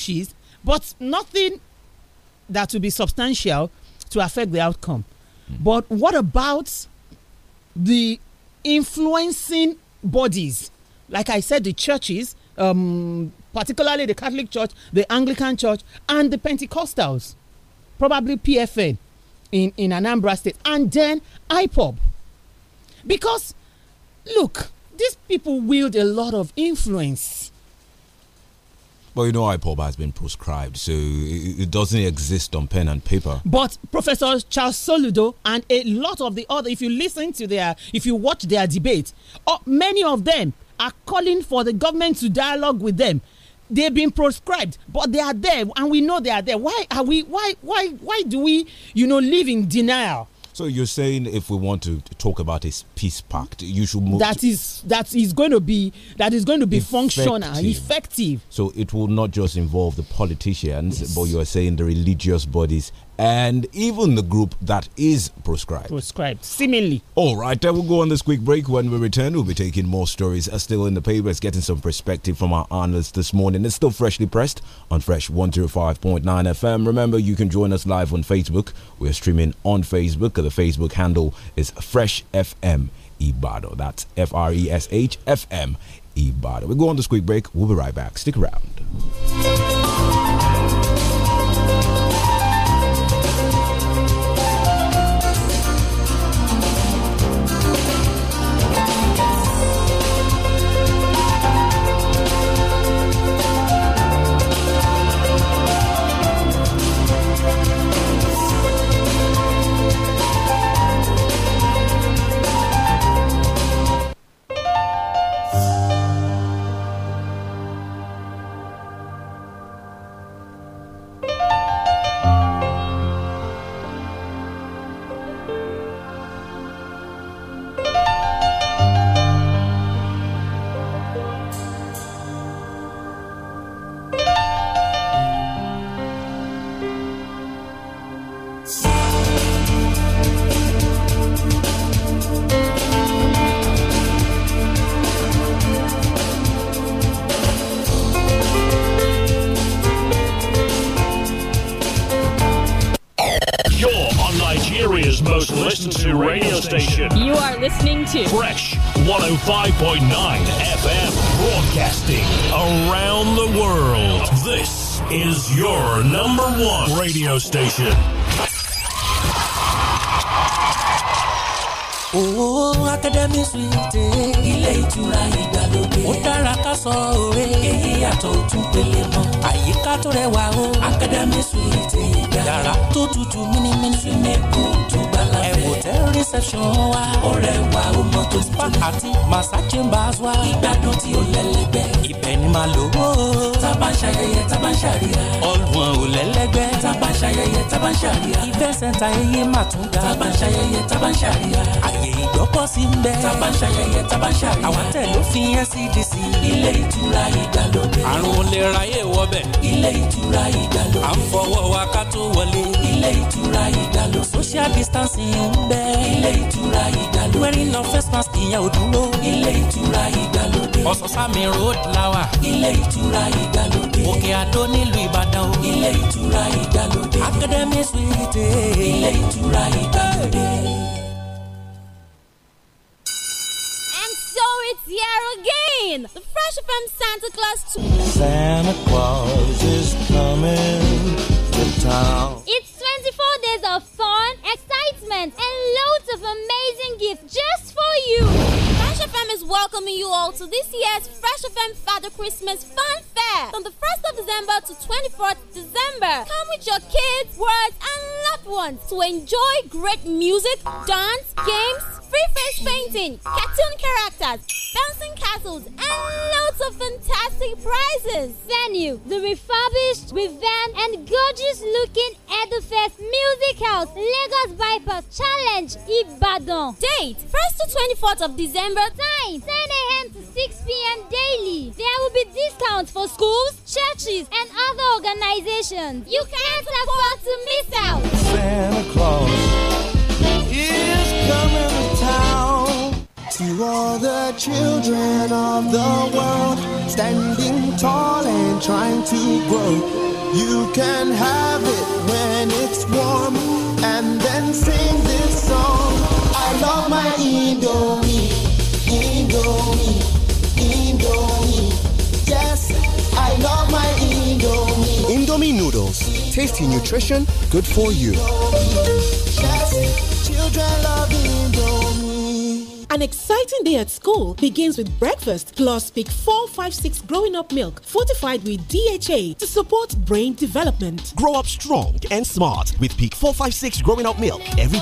cheese, but nothing that will be substantial to affect the outcome. Mm. But what about the influencing bodies? Like I said, the churches, um, particularly the Catholic Church, the Anglican Church, and the Pentecostals, probably PFN in, in Anambra State, and then IPOB. Because, look, these people wield a lot of influence but you know, IPOB has been proscribed, so it, it doesn't exist on pen and paper. But Professor Charles Soludo and a lot of the other, if you listen to their, if you watch their debate, uh, many of them are calling for the government to dialogue with them they've been proscribed but they are there and we know they are there why are we why why why do we you know live in denial so you're saying if we want to talk about a peace pact, you should move. That is that is going to be that is going to be effective. functional, effective. So it will not just involve the politicians, yes. but you are saying the religious bodies and even the group that is proscribed. Proscribed, seemingly. All right, then we'll go on this quick break. When we return, we'll be taking more stories are still in the papers, getting some perspective from our analysts this morning. It's still freshly pressed on Fresh 105.9 FM. Remember, you can join us live on Facebook. We're streaming on Facebook. The Facebook handle is Fresh FM Ibado. That's F R E S H F M Ibado. We we'll go on this quick break. We'll be right back. Stick around. Owó Akademi Suite. Ilé ìtura ìgbàlódé. Ó dára ká sọ òwe. Èyí yàtọ̀ òtún pélé mọ́. Àyíká tó rẹwà o. Akademi Suite ìgbà. Yàrá tó tutù mímímí. Súnmẹ́kù tó gbàlá hotel reception wa. ọ̀rẹ́ wa ó mọ tó ti tó. àti massa chambers wa. ìgbádùn tí ó lẹ́lẹ́gbẹ́. ibẹ̀ ni màá lò ó. taba ń ṣayẹyẹ taba ń ṣàríyá. ọ̀gbun ò lẹ́lẹ́gbẹ́. taba ń ṣayẹyẹ taba ń ṣàríyá. event center eye mà tún ga. taba ń ṣayẹyẹ taba ń ṣàríyá. àyè ìgbọ́kọ̀ sí ń bẹ. taba ń ṣayẹyẹ àwọn tẹ̀ ló fi NCDC. E ilé ìtura ìdàlódé. àrùn olè ráyè wọbẹ̀. ilé ìtura ìdàlódé. à ń fọwọ́ wa ká tó wọlé. ilé ìtura ìdàlódé. social distancing bẹ̀. ilé ìtura ìdàlódé. dúró. ilé ìtura ìdàlódé. road lawa. ilé ìtura ìdàlódé. òkè àdó nílùú ìbàdàn o. ilé ìtura ìdàlódé. academy ilé ìtura ìdàlódé. And so it's here again, the Fresh from Santa Claus Santa Claus is coming to town. It's friends and of amazing gifts just for you. Fresh FM is welcoming you all to this year's Fresh FM Father Christmas Fun Fair from the 1st of December to 24th December. Come with your kids, words, and loved ones to enjoy great music, dance, games, free face painting, cartoon characters, bouncing castles, and loads of fantastic prizes. Venue, the refurbished, revamped, and gorgeous looking Edufest Music House, Lagos Vipers Challenge Ibadan. Date 1st to 24th of December. Time 10 a.m. to 6 p.m. daily. There will be discounts for schools, churches, and other organizations. You can't afford to miss out. Santa Claus is coming to all the children of the world standing tall and trying to grow. You can have it when it's warm and then sing this song. I love my Indomie, Indomie, Indomie. Yes, I love my Indomie. Indomie noodles, tasty nutrition, good for you. Yes, children love Indomie. An exciting day at school begins with breakfast plus Peak 456 growing up milk fortified with DHA to support brain development. Grow up strong and smart with Peak 456 growing up milk every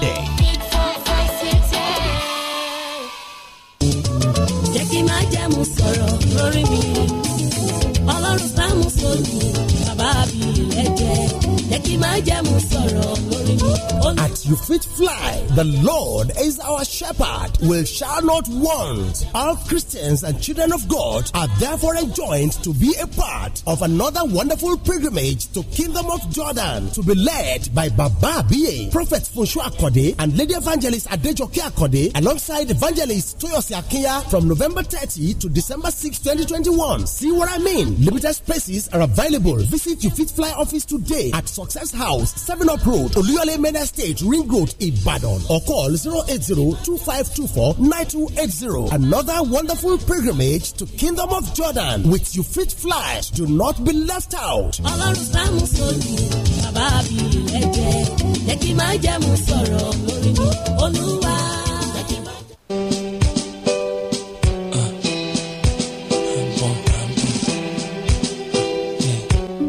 at your feet fly, the Lord is our shepherd, We shall not want. All Christians and children of God are therefore enjoined to be a part of another wonderful pilgrimage to Kingdom of Jordan to be led by Baba B.A. Prophet Funshu Akode and Lady Evangelist Adejoke Akode alongside Evangelist Toyosi Akia, from November 30 to December 6, 2021. See what I mean? Limited spaces are available. Visit your visit Fly Office today at Success House, 7 Up Road, Oluyole Main Estate, Ring Road, Ibadan. Or call 080-2524-9280. Another wonderful pilgrimage to Kingdom of Jordan with You Fit flies. Do not be left out.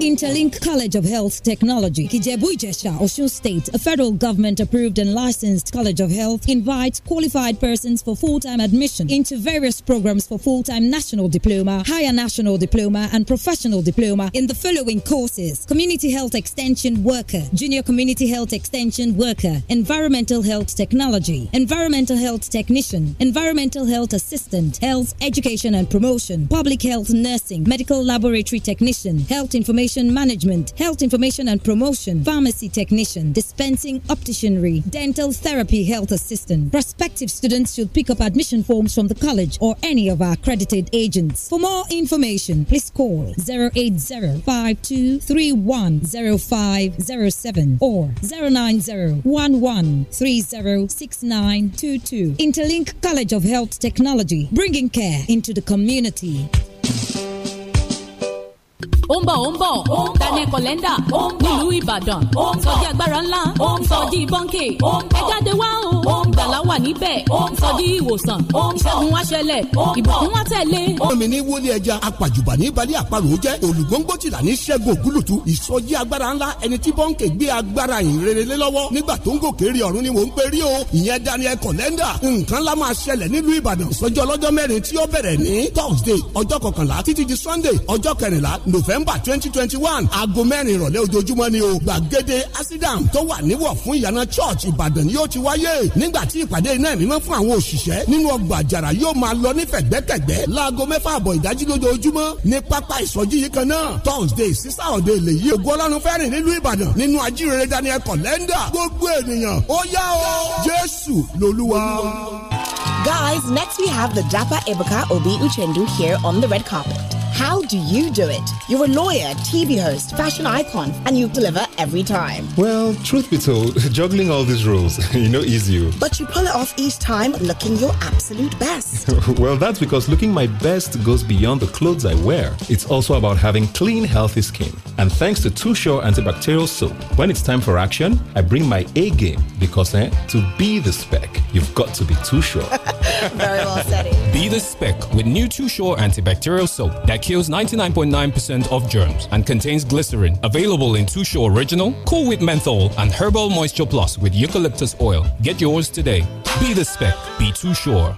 Interlink College of Health Technology, Kijebu-Ijesha, State, a federal government-approved and licensed college of health, invites qualified persons for full-time admission into various programs for full-time national diploma, higher national diploma, and professional diploma in the following courses: Community Health Extension Worker, Junior Community Health Extension Worker, Environmental Health Technology, Environmental Health Technician, Environmental Health Assistant, Health Education and Promotion, Public Health Nursing, Medical Laboratory Technician, Health Information Management, Health Information and Promotion, Pharmacy Technician, Dispensing Opticianry, Dental Therapy Health Assistant. Prospective students should pick up admission forms from the college or any of our accredited agents. For more information, please call 080 5231 or 090 Interlink College of Health Technology, bringing care into the community. ó ń bọ̀ ó ń bọ̀ Daniel Kolenda nílùú Ìbàdàn sọjí agbára ńlá sọjí bọ́ńkè ẹ jáde wá o gbàlá wà níbẹ̀ sọjí ìwòsàn ṣẹ́gun wá ṣẹlẹ̀ ìbùkún wá tẹ̀lé. omi ní wọlé ẹja apàjùbà ní balẹ̀ àparò jẹ́ olùgbòǹgbò tìlà ní ṣẹ́gun ògúlùtù ìsọjí agbára ńlá ẹni tí bọ́ńkè gbé agbára yìn rere lé lọ́wọ́ nígbà ni mò ń pè rí o ìyẹn Daniel Kolenda nǹkan lá máa ṣẹlẹ̀ nílùú Ìbàdàn sọjọ́ ọlọ́jọ́ mẹ́rin tí ó bẹ̀rẹ̀ ní Thursday ọjọ́ kọkànlá títí di Sunday november twenty twenty one aago mẹ́rin ìrọ̀lẹ́ ojoojúmọ́ ni o gbàgede asidam tó wà níwọ̀ fún ìyànà church ìbàdàn yóò ti wáyé nígbà tí ìpàdé iná ìmímọ́ fún àwọn òṣìṣẹ́ nínú ọgbà àjàrà yóò máa lọ ní fẹ̀gbẹ́kẹ̀gbẹ́ láago mẹ́fà àbọ̀ ìdájí lójoojúmọ́ ní pápá ìsọjí yìí kan náà thursday sísá ọ̀dẹ ilé yìí ògo ọlọ́run fẹ́rìn nílùú ìbàdàn nínú ajírere daniel kọ̀lẹ́ndà gbogbo ènìyàn ó yá o jésù lolúwa. Guys, next we have the Dapa Ibuka Obi Uchendu here on the red carpet. How do you do it? You're a lawyer, TV host, fashion icon, and you deliver every time. Well, truth be told, juggling all these roles, you know, is you. But you pull it off each time looking your absolute best. well, that's because looking my best goes beyond the clothes I wear. It's also about having clean, healthy skin. And thanks to Too Sure antibacterial soap, when it's time for action, I bring my A game because eh, to be the spec, you've got to be Too Sure. Very well said. Be the spec with new Too Sure antibacterial soap that kills 99.9% percent of germs and contains glycerin. Available in Too Sure Original, Cool with Menthol, and Herbal Moisture Plus with Eucalyptus Oil. Get yours today. Be the spec, be too sure.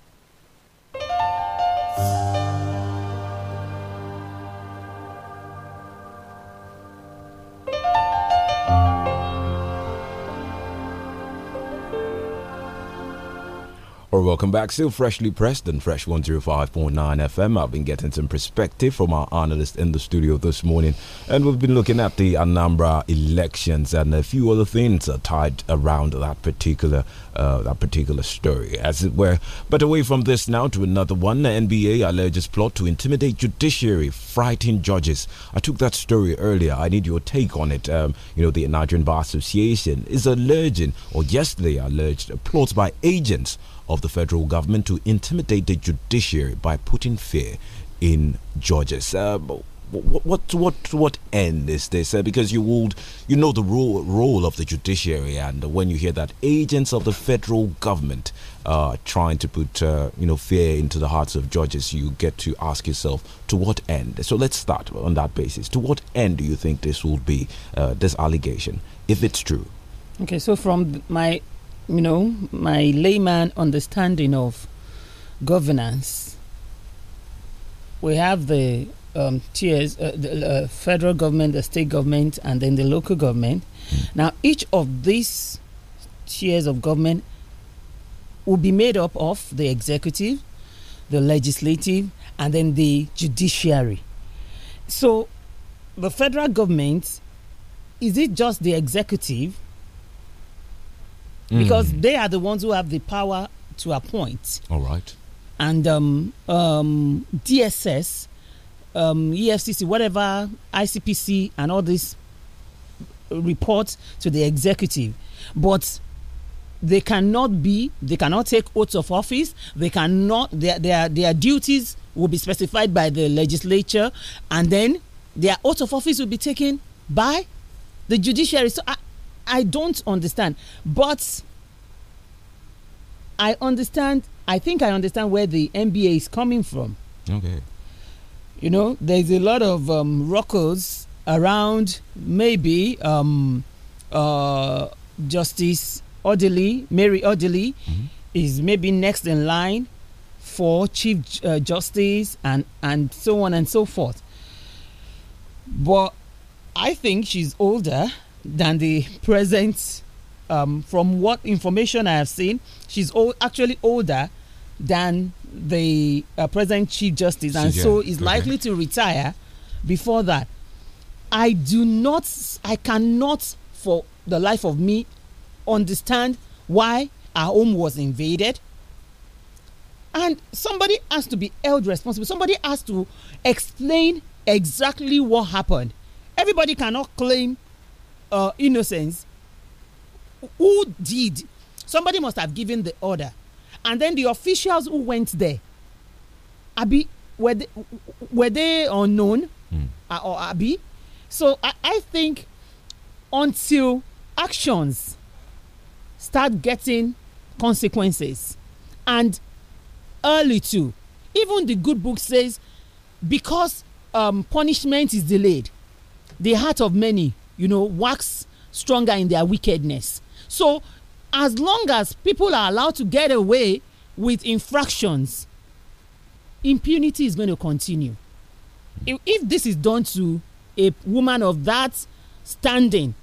welcome back. Still freshly pressed and fresh 105.9 FM. I've been getting some perspective from our analyst in the studio this morning, and we've been looking at the Anambra elections and a few other things are tied around that particular uh, that particular story, as it were. But away from this now to another one. The NBA alleges plot to intimidate judiciary, frighten judges. I took that story earlier. I need your take on it. Um, you know, the Nigerian Bar Association is alleging, or yesterday alleged, plots by agents of the federal government to intimidate the judiciary by putting fear in judges. Uh, what what what what end is this? Uh, because you would you know the role role of the judiciary, and when you hear that agents of the federal government are uh, trying to put uh, you know fear into the hearts of judges, you get to ask yourself to what end. So let's start on that basis. To what end do you think this will be uh, this allegation, if it's true? Okay, so from my you know, my layman understanding of governance, we have the um, tiers, uh, the uh, federal government, the state government, and then the local government. Now, each of these tiers of government will be made up of the executive, the legislative, and then the judiciary. So, the federal government is it just the executive Mm. because they are the ones who have the power to appoint. All right. And um, um, DSS, um, EFCC, whatever, ICPC, and all these reports to the executive. But they cannot be, they cannot take oaths of office, they cannot, their, their, their duties will be specified by the legislature, and then their oath of office will be taken by the judiciary. So I, I don't understand. But I understand, I think I understand where the NBA is coming from. Okay. You know, there's a lot of um, rockers around, maybe um, uh, Justice Orderly, Mary Orderly, mm -hmm. is maybe next in line for Chief uh, Justice and, and so on and so forth. But I think she's older than the present. Um, from what information I have seen, she's old, actually older than the uh, present Chief Justice, and so is okay. likely to retire before that. I do not, I cannot, for the life of me, understand why our home was invaded. And somebody has to be held responsible. Somebody has to explain exactly what happened. Everybody cannot claim uh, innocence who did somebody must have given the order and then the officials who went there abi were they, were they unknown mm. or abi so I, I think until actions start getting consequences and early too even the good book says because um, punishment is delayed the heart of many you know, wax stronger in their wickedness. So, as long as people are allowed to get away with infractions, impunity is going to continue. If, if this is done to a woman of that standing,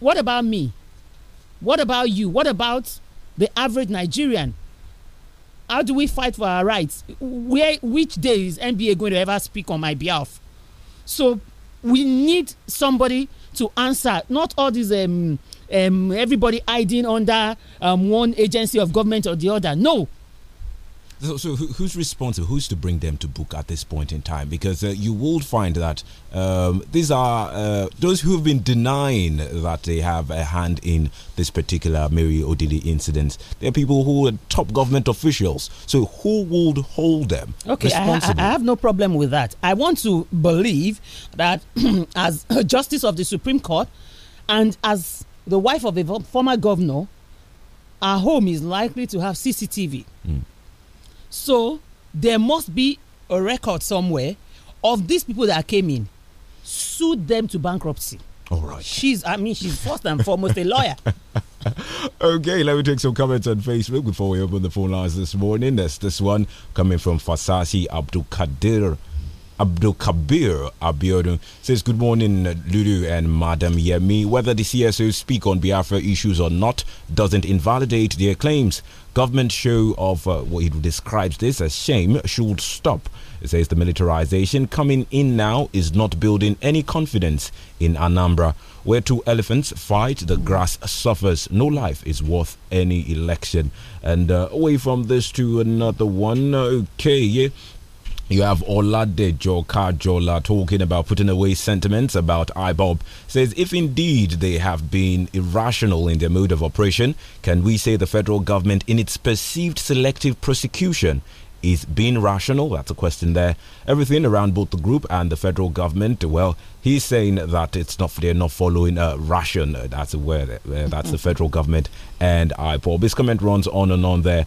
what about me? What about you? What about the average Nigerian? How do we fight for our rights? Where, which day is NBA going to ever speak on my behalf? So we need somebody to answer not all these um, um, everybody hiding under um, one agency of government or the other no So, so who's responsible? Who's to bring them to book at this point in time? Because uh, you will find that um, these are uh, those who have been denying that they have a hand in this particular Mary Odili incident. They're people who are top government officials. So who would hold them? Okay, I, I, I have no problem with that. I want to believe that as justice of the Supreme Court and as the wife of a former governor, our home is likely to have CCTV. Mm. So there must be a record somewhere of these people that came in, sued them to bankruptcy. All right. She's, I mean, she's first and foremost a lawyer. okay, let me take some comments on Facebook before we open the phone lines this morning. There's this one coming from Fasasi Abdul Kadir. Abdul Kabir Abiodun says, Good morning, Lulu and Madam Yemi. Whether the CSOs speak on Biafra issues or not doesn't invalidate their claims. Government show of uh, what he describes this as shame should stop. It says the militarization coming in now is not building any confidence in Anambra. Where two elephants fight, the grass suffers. No life is worth any election. And uh, away from this to another one. Okay, yeah. You have Oladejo Kajola talking about putting away sentiments about IBOB. Says, if indeed they have been irrational in their mode of operation, can we say the federal government, in its perceived selective prosecution, is being rational? That's a question there. Everything around both the group and the federal government, well, he's saying that it's not they're not following a uh, ration. Uh, that's where uh, that's the mm-hmm. federal government and IPOB. This comment runs on and on there.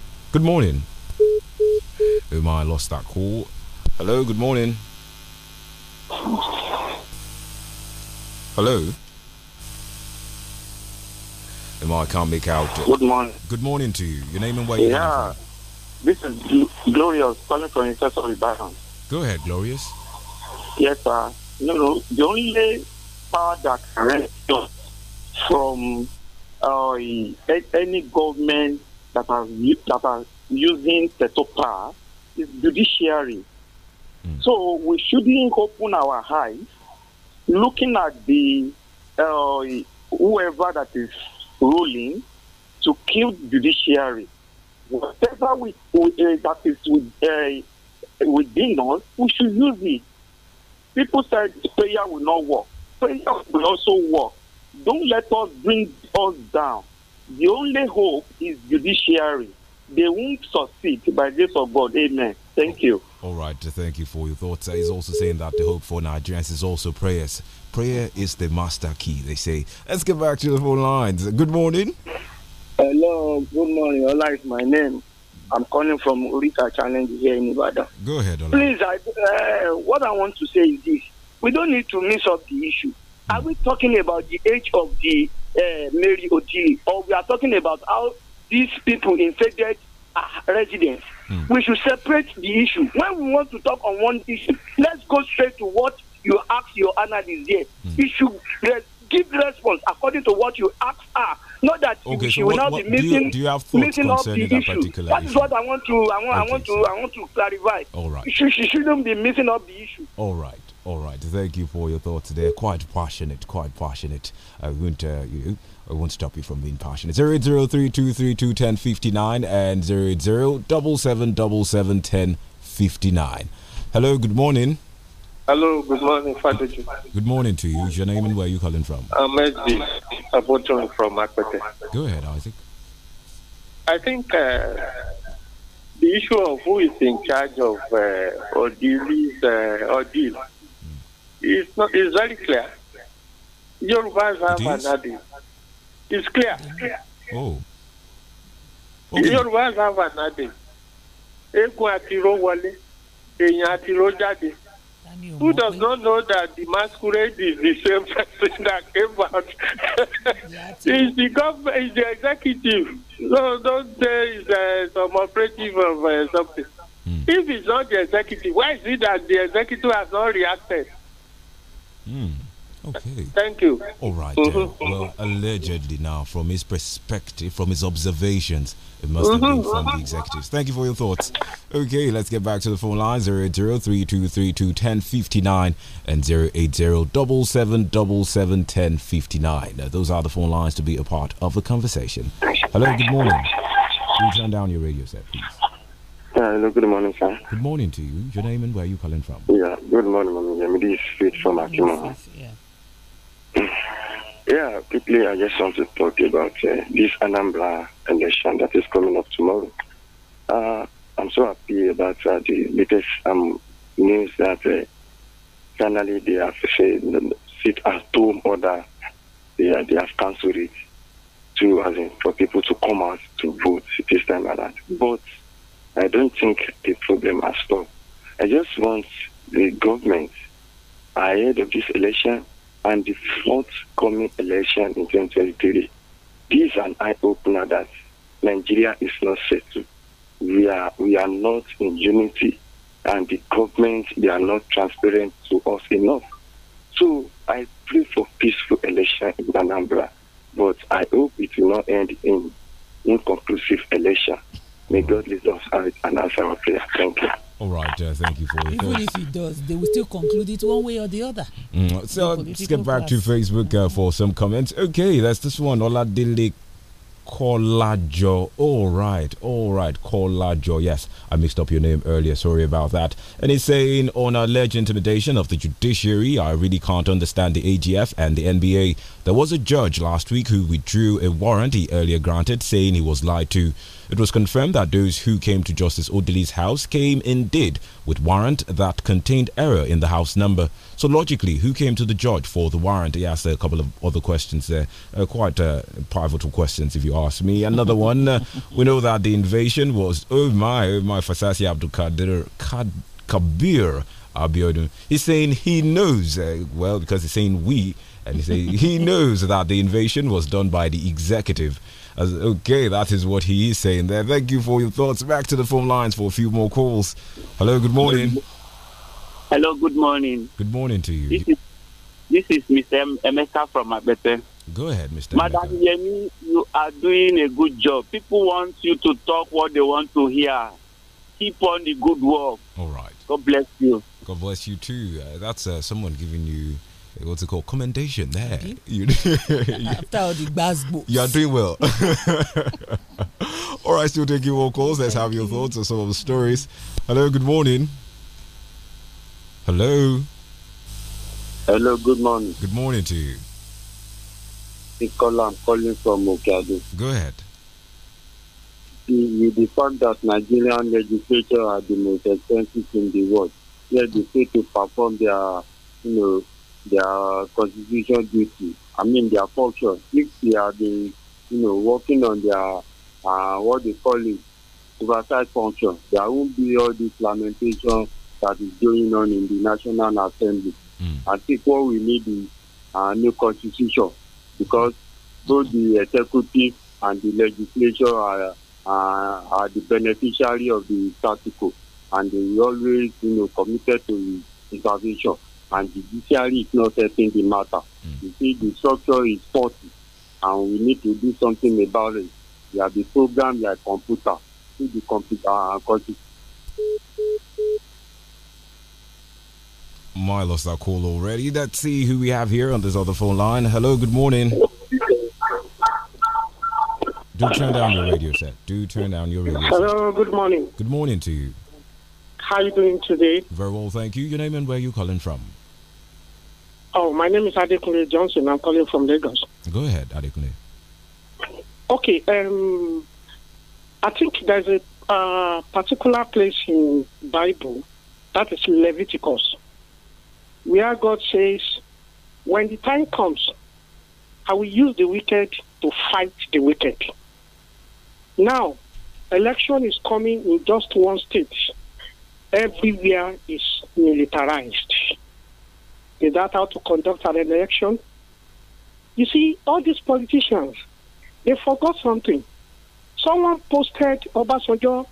Good morning. Oh my, I lost that call. Hello, good morning. Hello. Oh my, I can't make out. Good morning. Good morning to you. Your name and where you're Yeah, this is Glorious calling from Intercessory Byron. Go ahead, Glorious. Yes, sir. No, no, the only power that can rescue from uh, any government that are, that are using the topa is judiciary. Hmm. So we shouldn't open our eyes looking at the uh, whoever that is ruling to kill judiciary. Whatever we, we uh, that is with, uh, within us, we should use it. People said prayer will not work. Prayer will also work. Don't let us bring us down. The only hope is judiciary. They won't succeed by grace of God. Amen. Thank you. All right, thank you for your thoughts. He's also saying that the hope for Nigerians is also prayers. Prayer is the master key, they say. Let's get back to the phone lines. Good morning. Hello, good morning. Ola is my name. I'm calling from Urika Challenge here in Nevada. Go ahead, Ola. Please, I, uh, what I want to say is this. We don't need to mix up the issue. Are we talking about the age of the uh, Mary Odili, or we are talking about how these people infected uh, residents? Mm. We should separate the issue. When we want to talk on one issue, let's go straight to what you ask your analyst here. Mm. You should give response according to what you ask her. Not that okay, she so will what, not be missing, do you, do you missing up the that issue. That is issue. what I want to I want, okay, I want so. to I want to clarify. All right. She, she shouldn't be missing up the issue. All right. All right, thank you for your thoughts there. Quite passionate, quite passionate. I won't, uh, you know, I won't stop you from being passionate. Zero eight zero three two three two ten fifty nine and zero eight zero double seven double seven ten fifty nine. Hello, good morning. Hello, good morning, Father. Good morning to you. Is your name and where are you calling from? I'm Edwin from Akwete. Go ahead, Isaac. I think uh, the issue of who is in charge of uh, Odili's uh, ordeal It's not. It's very clear. Yoruba have anadi. It's clear. Oh. Okay. Yoruba have anadi. Egun àti ro wọlé, èèyàn àti ro jade. Who does not know that the masquerade is the same person that came out? it's the government, it's the executive. No, don't say it's uh, some operative of uh, something. Mm. If it's not the executive, why is it that the executive has not reacted? Mm. Okay. Thank you. All right. Mm -hmm. uh, well, allegedly now, from his perspective, from his observations, it must have been from the executives. Thank you for your thoughts. Okay, let's get back to the phone lines: zero eight zero three two three two ten fifty nine and zero eight zero double seven double seven ten fifty nine. Those are the phone lines to be a part of the conversation. Hello. Good morning. Please turn down your radio set, please hello, good morning, sir. Good morning to you. Your name and where are you calling from? Yeah, good morning, Mami. Yeah, this is Faith from Akimo. Yeah. yeah, quickly, I just want to talk about uh, this Anambra election that is coming up tomorrow. Uh, I'm so happy about uh, the latest um, news that uh, finally they have said um, sit at home order. They, they have cancelled it to, as in, for people to come out to vote this time and that. But I don't think the problem has all. I just want the government ahead of this election and the forthcoming election in 2023. This is an eye opener that Nigeria is not settled. We are we are not in unity, and the government they are not transparent to us enough. So I pray for peaceful election in Anambra, but I hope it will not end in inconclusive election. May God lead us and answer our prayer. Thank you. All right, uh, thank you for the Even if it does, they will still conclude it one way or the other. Mm. So let's get back class. to Facebook uh, for some comments. Okay, that's this one. Ola Dilik Kolajo. All right, all right, Kolajo. Yes, I mixed up your name earlier. Sorry about that. And he's saying on alleged intimidation of the judiciary, I really can't understand the AGF and the NBA. There was a judge last week who withdrew a warrant he earlier granted, saying he was lied to. It was confirmed that those who came to Justice Odili's house came indeed with warrant that contained error in the house number. So logically, who came to the judge for the warrant? He asked a couple of other questions there, uh, quite uh, pivotal questions, if you ask me. Another one, uh, we know that the invasion was, oh my, oh my, Fasasi Abdul Kadir, Kad, Kabir Abiodun. He's saying he knows, uh, well, because he's saying we, and he saying he knows that the invasion was done by the executive. As, okay, that is what he is saying there. Thank you for your thoughts. Back to the phone lines for a few more calls. Hello, good morning. Hello, good morning. Good morning to you. This is, this is Mr. Emeka from Abete. Go ahead, Mr. Madam Emeka. Yemi, you are doing a good job. People want you to talk what they want to hear. Keep on the good work. All right. God bless you. God bless you too. Uh, that's uh, someone giving you uh, what's it called commendation there okay. you, you are doing well all right still taking more calls let's have your thoughts on some of the stories hello good morning Hello. Hello, good morning. Good morning to you. Nicola, I'm calling from Okado. Go ahead. You, the fact that Nigerian legislature are the most expensive in the world, yet they fail to perform their, you know, their constitutional duty. I mean, their function. If they are the, you know, working on their, uh, what they call it, oversight function, there won't be all this lamentation that is going on in the National Assembly. Mm. I think what we need is a uh, new constitution because both the executive and the legislature are, are, uh, are the beneficiary of the article and they always you know, committed to intervention and the judiciary is not setting the matter. Mm. You see, the structure is faulty and we need to do something about it. We have the program are computer. See the computer, uh, Milos lost our call already. Let's see who we have here on this other phone line. Hello, good morning. Do turn down your radio set. Do turn down your radio Hello, set. good morning. Good morning to you. How are you doing today? Very well, thank you. Your name and where you calling from? Oh, my name is Adekunle Johnson. I'm calling from Lagos. Go ahead, Adekunle. Okay, um, I think there's a uh, particular place in Bible that is Leviticus where God says, When the time comes, I will use the wicked to fight the wicked. Now, election is coming in just one state. Everywhere is militarized. Is that how to conduct an election? You see, all these politicians, they forgot something. Someone posted Obasanjo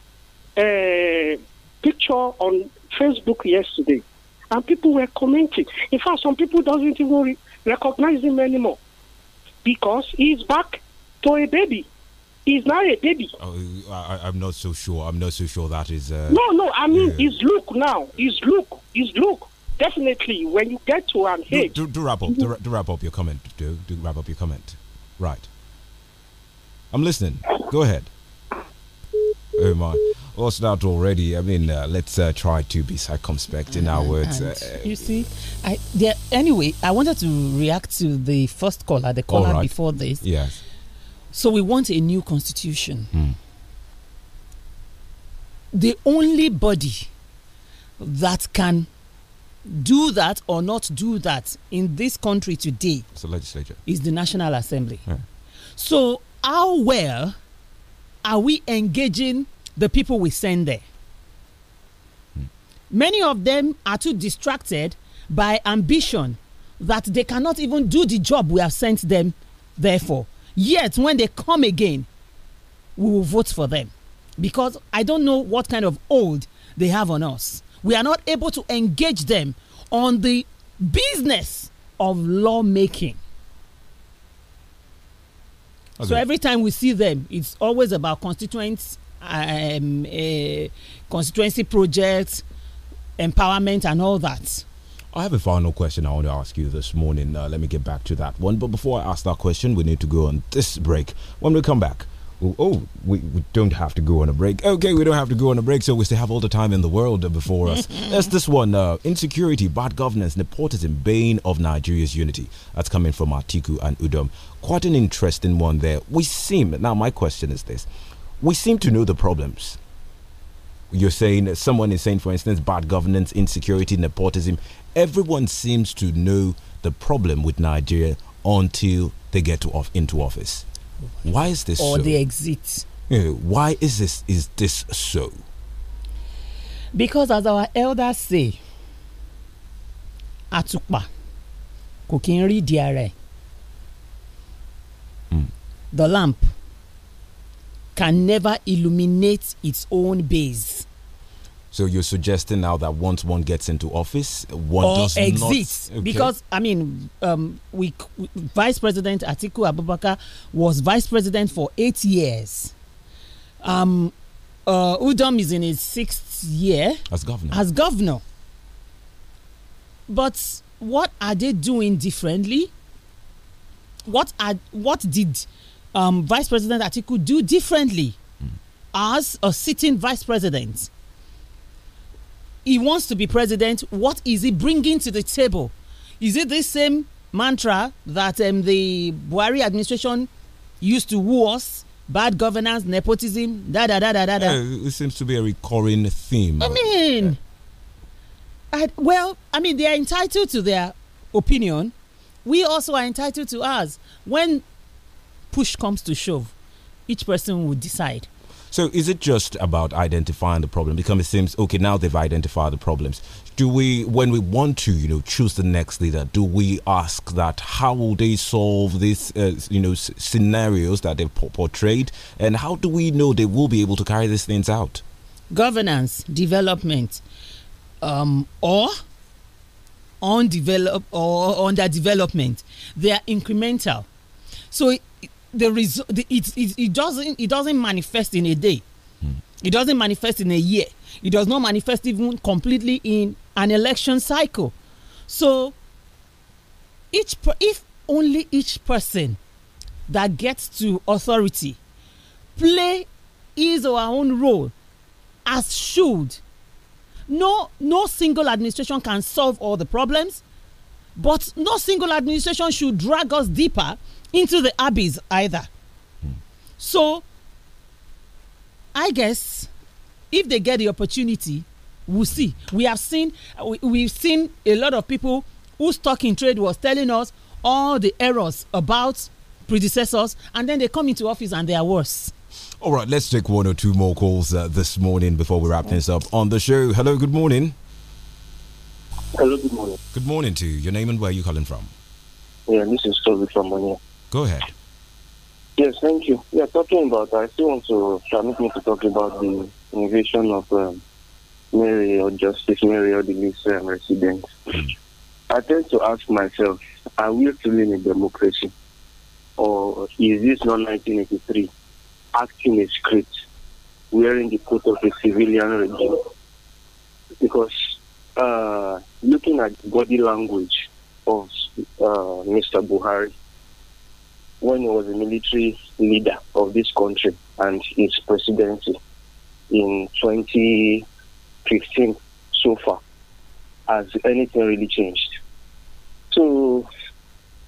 a uh, eh, picture on Facebook yesterday and people were commenting. In fact, some people doesn't even re recognize him anymore because he's back to a baby. He's now a baby. Oh, I, am not so sure. I'm not so sure that is. Uh, no, no. I mean, yeah. his look now. His look. His look definitely when you get to an age. Do, do, do wrap up. Do, do, wrap up your comment. Do, do wrap up your comment. Right. I'm listening. Go ahead. Oh my was that already. I mean, uh, let's uh, try to be circumspect in our uh-huh. words. Uh, you see, I yeah. Anyway, I wanted to react to the first caller, the caller right. before this. Yes. So we want a new constitution. Hmm. The only body that can do that or not do that in this country today it's the legislature is the national assembly yeah. so how well are we engaging the people we send there. Many of them are too distracted by ambition that they cannot even do the job we have sent them there for. Yet, when they come again, we will vote for them because I don't know what kind of hold they have on us. We are not able to engage them on the business of lawmaking. Okay. So every time we see them, it's always about constituents um, constituency projects, empowerment, and all that. I have a final question I want to ask you this morning. Uh, let me get back to that one. But before I ask that question, we need to go on this break. When we come back, oh, we, we, don't have to go on a break. Okay, we don't have to go on a break, so we still have all the time in the world before us. There's this one uh, insecurity, bad governance, nepotism, bane of Nigeria's unity. That's coming from Atiku and Udom. Quite an interesting one there. We seem, now, my question is this we seem to know the problems. You're saying someone is saying, for instance, bad governance, insecurity, nepotism. Everyone seems to know the problem with Nigeria until they get off into office. Why is this? Or so? they exit. why is this? Is this so? Because, as our elders say, Atukpa, kò diare, hmm. The lamp can never illuminate its own base. So you're suggesting now that once one gets into office, one or does not okay. because I mean, um, we, we, Vice President Atiku Abubakar was Vice President for eight years. Um, uh, Udom is in his sixth year as governor. As governor, but what are they doing differently? What are what did um, Vice President Atiku do differently mm. as a sitting vice president? He wants to be president. What is he bringing to the table? Is it the same mantra that um, the Buhari administration used to woo us? Bad governance, nepotism, da da da da da da. Uh, it seems to be a recurring theme. I mean, yeah. I, well, I mean, they are entitled to their opinion. We also are entitled to ours. When push comes to shove, each person will decide. So is it just about identifying the problem? Because it seems okay now they've identified the problems. Do we, when we want to, you know, choose the next leader? Do we ask that how will they solve these, uh, you know, scenarios that they've portrayed, and how do we know they will be able to carry these things out? Governance, development, um, or undeveloped or under development. They are incremental. So the result it, it, it doesn't it doesn't manifest in a day mm. it doesn't manifest in a year it does not manifest even completely in an election cycle so each if only each person that gets to authority play his or her own role as should no no single administration can solve all the problems but no single administration should drag us deeper into the abyss either. So, I guess if they get the opportunity, we'll see. We have seen we, have seen a lot of people who stock in trade was telling us all the errors about predecessors, and then they come into office and they are worse. All right, let's take one or two more calls uh, this morning before we wrap things up on the show. Hello, good morning. Hello, good morning. Good morning to you. Your name and where are you calling from? Yeah, this is Toby from Monia. Go ahead. Yes, thank you. Yeah, talking about, I still want to permit me to talk about the invasion of um, Mary or Justice Mary or the Minister resident. Hmm. I tend to ask myself, are we still in a democracy? Or is this not 1983 acting a script, wearing the coat of a civilian regime? Because uh, looking at body language of uh, Mr. Buhari, when he was a military leader of this country and his presidency in 2015 so far. Has anything really changed? So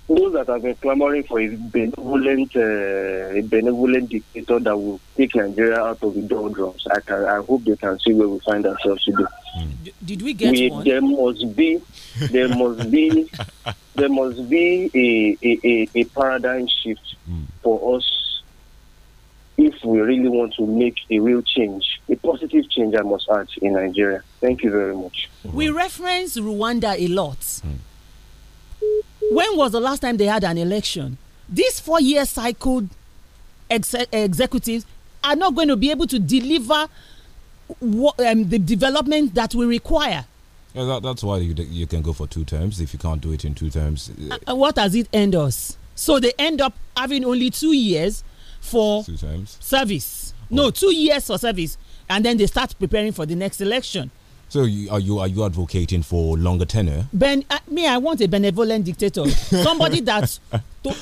those that have been clamoring for a benevolent, uh, a benevolent dictator that will take Nigeria out of the doldrums, I, can, I hope they can see where we find ourselves today. Did we get we, one? There must be, there must be, there must be a, a, a, a paradigm shift mm. for us if we really want to make a real change, a positive change, I must add, in Nigeria. Thank you very much. We reference Rwanda a lot. Mm when was the last time they had an election? These four year cycled executives are not going to be able to deliver what, um, the development that we require. Yeah, that, that's why you, you can go for two terms if you can't do it in two terms. Uh, uh, uh what does it end us? So they end up having only two years for two service. Oh. No, two years for service, and then they start preparing for the next election. So you, are you are you advocating for longer tenure? Ben, uh, me, I want a benevolent dictator, somebody that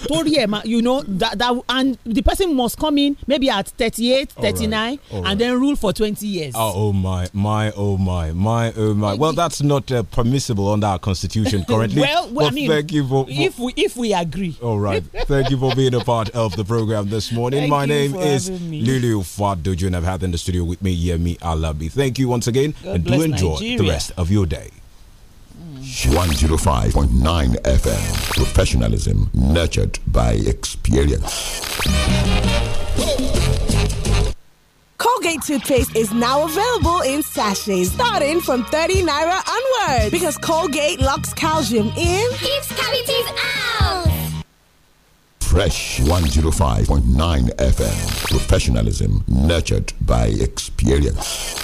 tori ema you know that that and the person must come in maybe at 38 39 right. and right. then rule for 20 years oh, oh, my my oh my my oh my well that's not uh, permissible under our constitution currently well, well I mean, thank you for, if we if we agree all right thank you for being a part of the program this morning thank my name is lulu fadoju and i've had in the studio with me yemi alabi thank you once again God and do enjoy Nigeria. the rest of your day 105.9 FM. Professionalism nurtured by experience. Colgate toothpaste is now available in sachets, starting from 30 naira onward. Because Colgate locks calcium in, keeps cavities out. Fresh 105.9 FM. Professionalism nurtured by experience.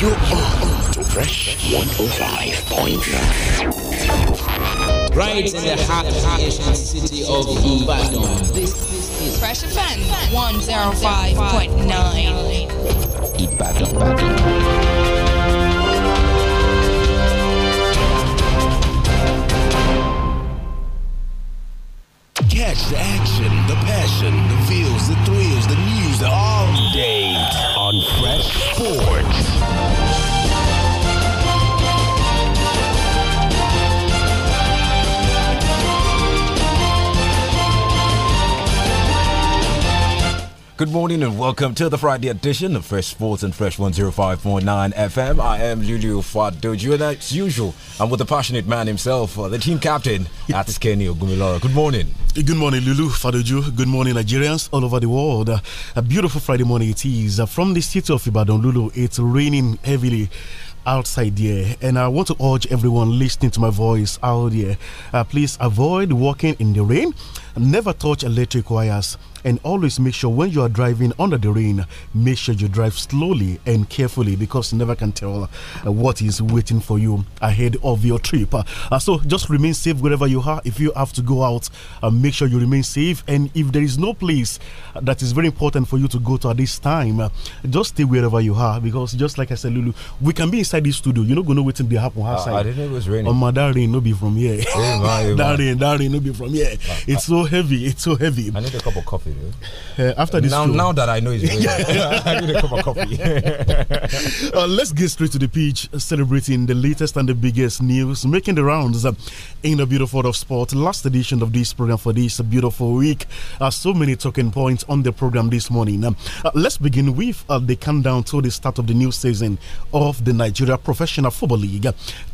You are Fresh 105.9. Right in the heart of the city of Ibadan. This is Fresh Offense 105.9. Ibadan. Ibadan. Catch the action, the passion, the feels, the thrills, the news all day on Fresh Sports. Good morning and welcome to the Friday edition of Fresh Sports and Fresh 105.9 FM. I am Lulu Fadoju and as usual, I'm with the passionate man himself, uh, the team captain, that's Kenny Ogumiloro. Good morning. Good morning, Lulu Fadoju. Good morning, Nigerians all over the world. Uh, a beautiful Friday morning it is. Uh, from the city of Ibadan, Lulu, it's raining heavily outside there and i want to urge everyone listening to my voice out there uh, please avoid walking in the rain never touch electric wires and always make sure when you are driving under the rain, make sure you drive slowly and carefully because you never can tell uh, what is waiting for you ahead of your trip. Uh, so just remain safe wherever you are. If you have to go out, uh, make sure you remain safe. And if there is no place uh, that is very important for you to go to at this time, uh, just stay wherever you are because just like I said, Lulu, we can be inside this studio. You're not going to wait until they happen ah, outside. I didn't know it was raining. Oh, my darling, no be from here. Hey, man, no be from here. it's so heavy. It's so heavy. I need a cup of coffee studio. Uh, after this, now, show, now that I know it's real, I need a cup of coffee. uh, let's get straight to the pitch, celebrating the latest and the biggest news making the rounds uh, in the beautiful of sport. Last edition of this program for this beautiful week. Uh, so many talking points on the program this morning. Uh, let's begin with uh, the countdown to the start of the new season of the Nigeria Professional Football League.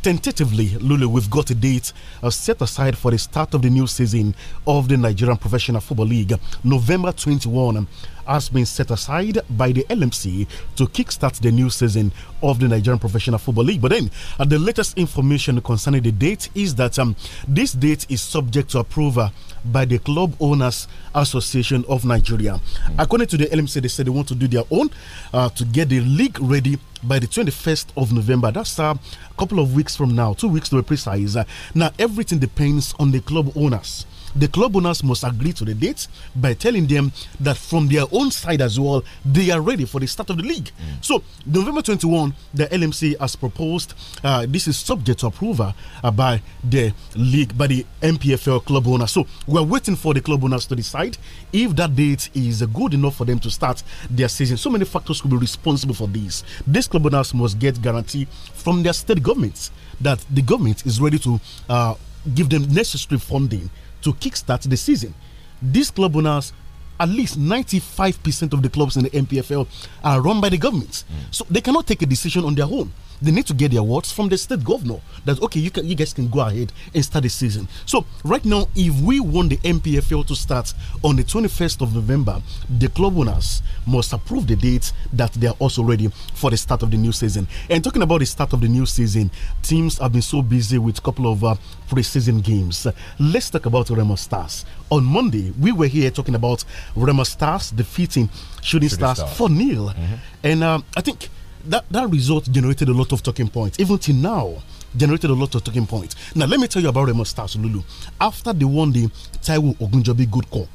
Tentatively, Lulu, we've got a date set aside for the start of the new season of the Nigerian Professional Football League. November November 21 has been set aside by the LMC to kickstart the new season of the Nigerian Professional Football League. But then, uh, the latest information concerning the date is that um, this date is subject to approval by the Club Owners Association of Nigeria. According to the LMC, they said they want to do their own uh, to get the league ready by the 21st of November. That's uh, a couple of weeks from now, two weeks to be precise. Uh, now, everything depends on the club owners the club owners must agree to the date by telling them that from their own side as well, they are ready for the start of the league. Mm. So, November 21, the LMC has proposed uh, this is subject to approval uh, by the league, by the MPFL club owners. So, we're waiting for the club owners to decide if that date is good enough for them to start their season. So many factors could be responsible for this. These club owners must get guarantee from their state governments that the government is ready to uh, give them necessary funding to kickstart the season. These club owners at least 95% of the clubs in the MPFL are run by the government. Mm. So they cannot take a decision on their own they need to get their words from the state governor that okay, you can you guys can go ahead and start the season. So right now, if we want the MPFL to start on the 21st of November, the club owners must approve the date that they are also ready for the start of the new season. And talking about the start of the new season, teams have been so busy with a couple of uh, season games. Let's talk about Remo Stars. On Monday, we were here talking about Remo Stars defeating Shooting, Shooting Stars, for nil, mm -hmm. and um, I think that, that result generated a lot of talking points, even till now generated a lot of talking points. Now, let me tell you about Remo Stars Lulu. After they won the Taiwo Ogunjobi Good Cup,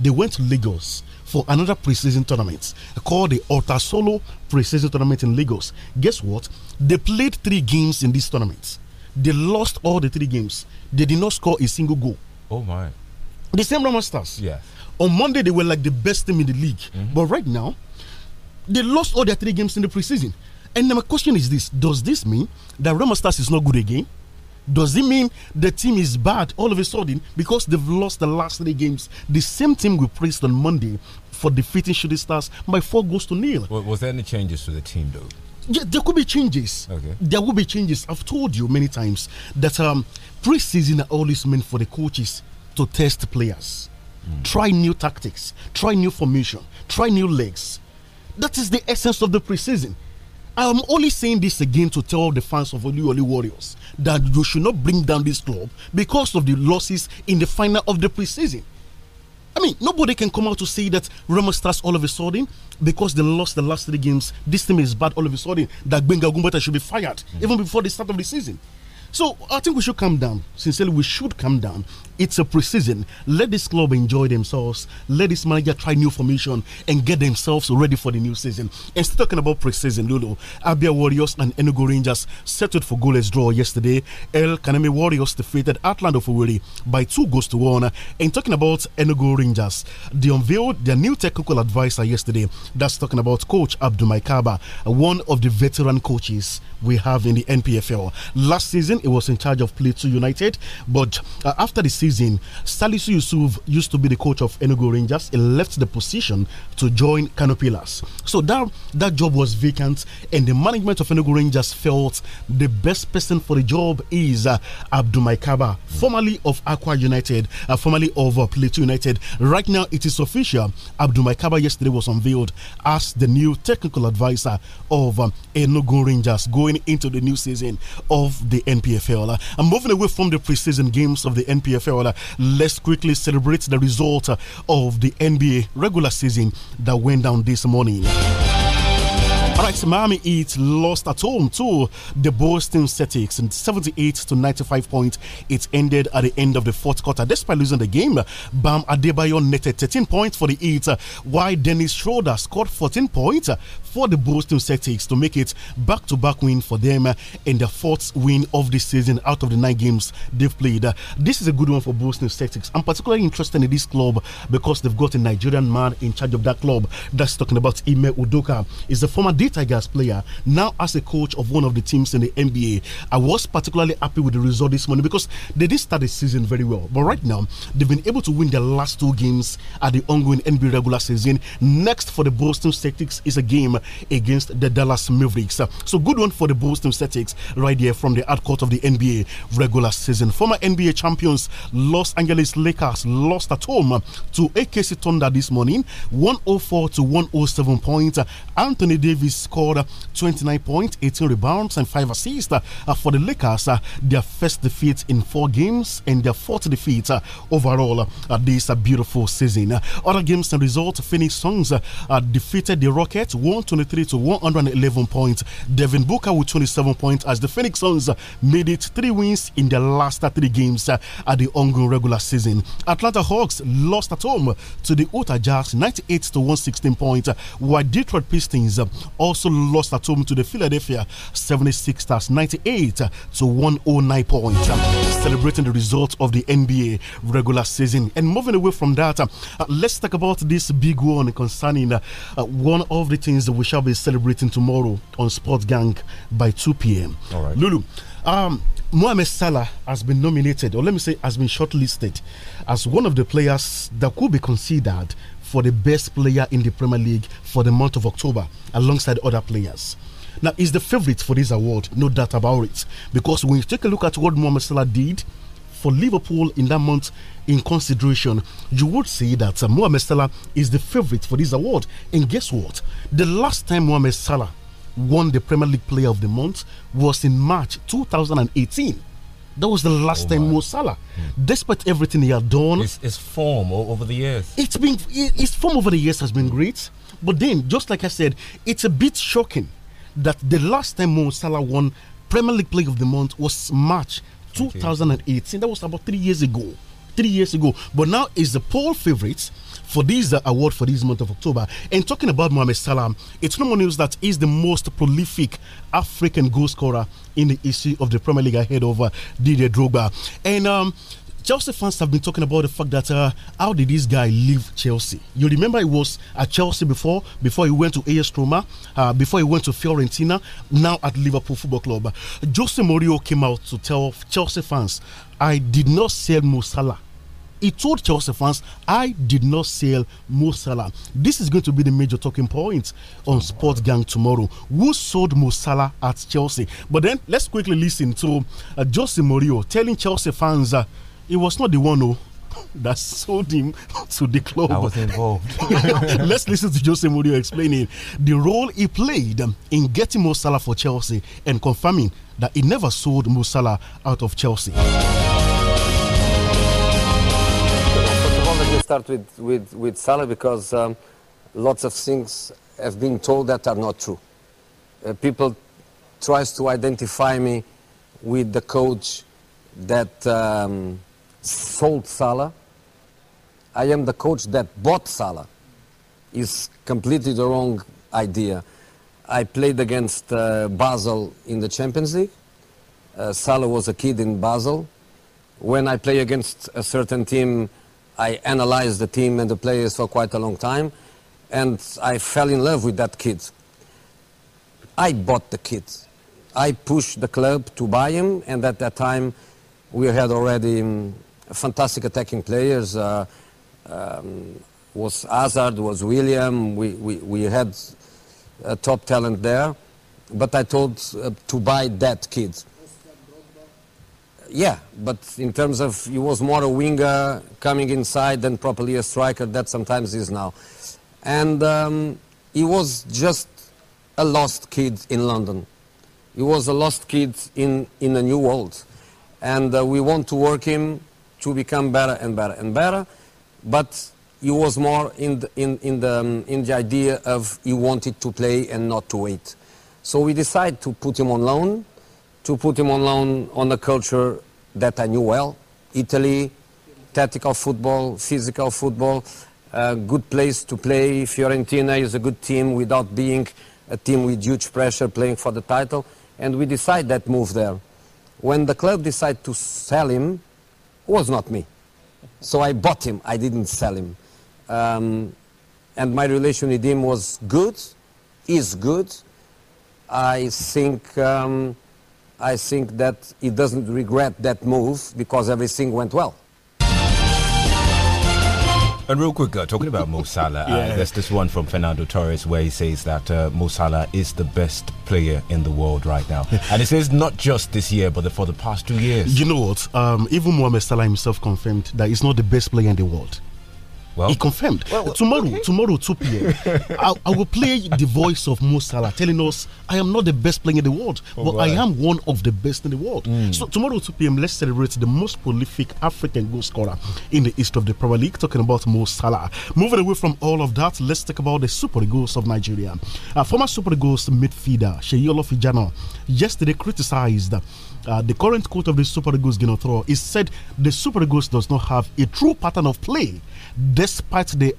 they went to Lagos for another preseason tournament called the Alta Solo Preseason Tournament in Lagos. Guess what? They played three games in this tournament. They lost all the three games. They did not score a single goal. Oh my! The same Ramasters. Stars. Yeah. On Monday they were like the best team in the league, mm -hmm. but right now they lost all their three games in the preseason. And my question is this Does this mean that Roma Stars is not good again? Does it mean the team is bad all of a sudden because they've lost the last three games? The same team we praised on Monday for defeating Shooting Stars by four goals to nil. Well, was there any changes to the team though? Yeah, there could be changes. Okay. There will be changes. I've told you many times that um, preseason are always meant for the coaches to test players, mm. try new tactics, try new formation, try new legs that is the essence of the preseason. I'm only saying this again to tell the fans of Olioli Warriors that you should not bring down this club because of the losses in the final of the preseason. I mean, nobody can come out to say that Roma starts all of a sudden because they lost the last three games. This team is bad all of a sudden. That Benga Gumbata should be fired mm -hmm. even before the start of the season. So I think we should calm down. Sincerely, we should calm down it's a preseason. Let this club enjoy themselves. Let this manager try new formation and get themselves ready for the new season. And still talking about preseason, Lulu, Abia Warriors and Enugu Rangers settled for goalless draw yesterday. El Kanemi Warriors defeated Atlanta Owerri by two goals to one. And talking about Enugu Rangers, they unveiled their new technical advisor yesterday. That's talking about coach Abdul Maikaba, one of the veteran coaches we have in the NPFL. Last season, he was in charge of Plateau United, but uh, after the season, reason, Salisu Yusuf used to be the coach of Enugu Rangers. He left the position to join Canopilas. So that, that job was vacant, and the management of Enugu Rangers felt the best person for the job is uh, Abdumaikaba, formerly of Aqua United, uh, formerly of uh, Plateau United. Right now, it is official. Abdumaikaba yesterday was unveiled as the new technical advisor of um, Enugu Rangers going into the new season of the NPFL. Uh, I'm moving away from the preseason games of the NPFL Let's quickly celebrate the result of the NBA regular season that went down this morning. All right, Miami Heat lost at home to the Boston Celtics in 78 to 95 points. It ended at the end of the fourth quarter. Despite losing the game, Bam Adebayo netted 13 points for the Heat, while Dennis Schroeder scored 14 points for the Boston Celtics to make it back to back win for them uh, in their fourth win of the season out of the nine games they've played. Uh, this is a good one for Boston Celtics. I'm particularly interested in this club because they've got a Nigerian man in charge of that club. That's talking about Ime Udoka. He's a former D Tigers player, now as a coach of one of the teams in the NBA. I was particularly happy with the result this morning because they did start the season very well. But right now, they've been able to win their last two games at the ongoing NBA regular season. Next for the Boston Celtics is a game against the Dallas Mavericks. So good one for the Boston Celtics right here from the court of the NBA regular season. Former NBA champions Los Angeles Lakers lost at home to AKC Thunder this morning, 104 to 107 points. Anthony Davis scored 29 points, 18 rebounds, and 5 assists for the Lakers. Their first defeat in four games and their fourth defeat overall this beautiful season. Other games and results Phoenix Suns defeated the Rockets 123 to 111 points. Devin Booker with 27 points as the Phoenix Suns made it three wins in their last three games uh, at the ongoing regular season. Atlanta Hawks lost at home to the Utah Jazz 98 to 116 points, uh, while Detroit Pistons uh, also lost at home to the Philadelphia 76ers 98 to 109 points. Celebrating the results of the NBA regular season. And moving away from that, uh, let's talk about this big one concerning uh, one of the things we we shall be celebrating tomorrow on Sports Gang by 2 p.m. All right. Lulu, um, Mohamed Salah has been nominated, or let me say, has been shortlisted as one of the players that could be considered for the best player in the Premier League for the month of October, alongside other players. Now, he's the favorite for this award, no doubt about it, because when you take a look at what Mohamed Salah did for Liverpool in that month in consideration, you would say that uh, Mohamed Salah is the favorite for this award. And guess what? The last time Mohamed Salah won the Premier League Player of the Month was in March 2018. That was the last oh time Mo Salah, hmm. despite everything he had done, his, his form over the years. It's been his form over the years has been great, but then just like I said, it's a bit shocking that the last time Mo Salah won Premier League Player of the Month was March 2018. Okay. That was about three years ago. Three years ago. But now is the poll favorite for this uh, award for this month of October. And talking about Mohamed Salam, it's no more news that he's the most prolific African goal scorer in the history of the Premier League ahead of uh, Didier Drogba. And um, Chelsea fans have been talking about the fact that uh, how did this guy leave Chelsea? You remember he was at Chelsea before, before he went to AS Roma, uh, before he went to Fiorentina, now at Liverpool Football Club. Jose Mourinho came out to tell Chelsea fans, "I did not sell Mo Salah." he told Chelsea fans, I did not sell Mo Salah. This is going to be the major talking point on Sport Gang tomorrow. Who sold Mo Salah at Chelsea? But then let's quickly listen to uh, Jose Mourinho telling Chelsea fans. Uh, he was not the one who oh, that sold him to the club. I was involved. Let's listen to Jose Mourinho explaining the role he played um, in getting Mo Salah for Chelsea and confirming that he never sold Mo Salah out of Chelsea. First of all, let me start with, with, with Salah because um, lots of things have been told that are not true. Uh, people tries to identify me with the coach that um, sold Salah. I am the coach that bought Salah. Is completely the wrong idea. I played against uh, Basel in the Champions League. Uh, Salah was a kid in Basel. When I play against a certain team, I analyze the team and the players for quite a long time, and I fell in love with that kid. I bought the kid. I pushed the club to buy him, and at that time, we had already. Um, fantastic attacking players. Uh, um, was Hazard, was William. We, we, we had a top talent there. But I told uh, to buy that kid. Yeah, but in terms of he was more a winger coming inside than properly a striker. That sometimes is now. And um, he was just a lost kid in London. He was a lost kid in, in a new world. And uh, we want to work him to become better and better and better, but he was more in the, in, in the, um, in the idea of he wanted to play and not to wait. So we decided to put him on loan, to put him on loan on a culture that I knew well, Italy, tactical football, physical football, a good place to play. Fiorentina is a good team without being a team with huge pressure playing for the title. And we decide that move there. When the club decided to sell him, was not me. So I bought him, I didn't sell him. Um, and my relation with him was good, is good. I think, um, I think that he doesn't regret that move because everything went well. And real quick, uh, talking about Mo Salah, uh, yeah. uh, there's this one from Fernando Torres where he says that uh, Mo Salah is the best player in the world right now, and he says not just this year, but the, for the past two years. You know what? Um, even Mohamed Salah himself confirmed that he's not the best player in the world. Well, he confirmed. Well, tomorrow, okay. tomorrow, 2 p.m., I, I, will play the voice of Mo Salah telling us, I am not the best player in the world, oh, but I am one of the best in the world. Mm. So, tomorrow, 2 p.m., let's celebrate the most prolific African goal scorer in the history of the Premier League, talking about Mo Salah. Moving away from all of that, let's talk about the Super Eagles of Nigeria. Uh, former Super Eagles midfielder, Sheyi Olofijano, yesterday criticized uh, the current coach of the Super Eagles, Genotro, is said the Super Eagles does not have a true pattern of play despite the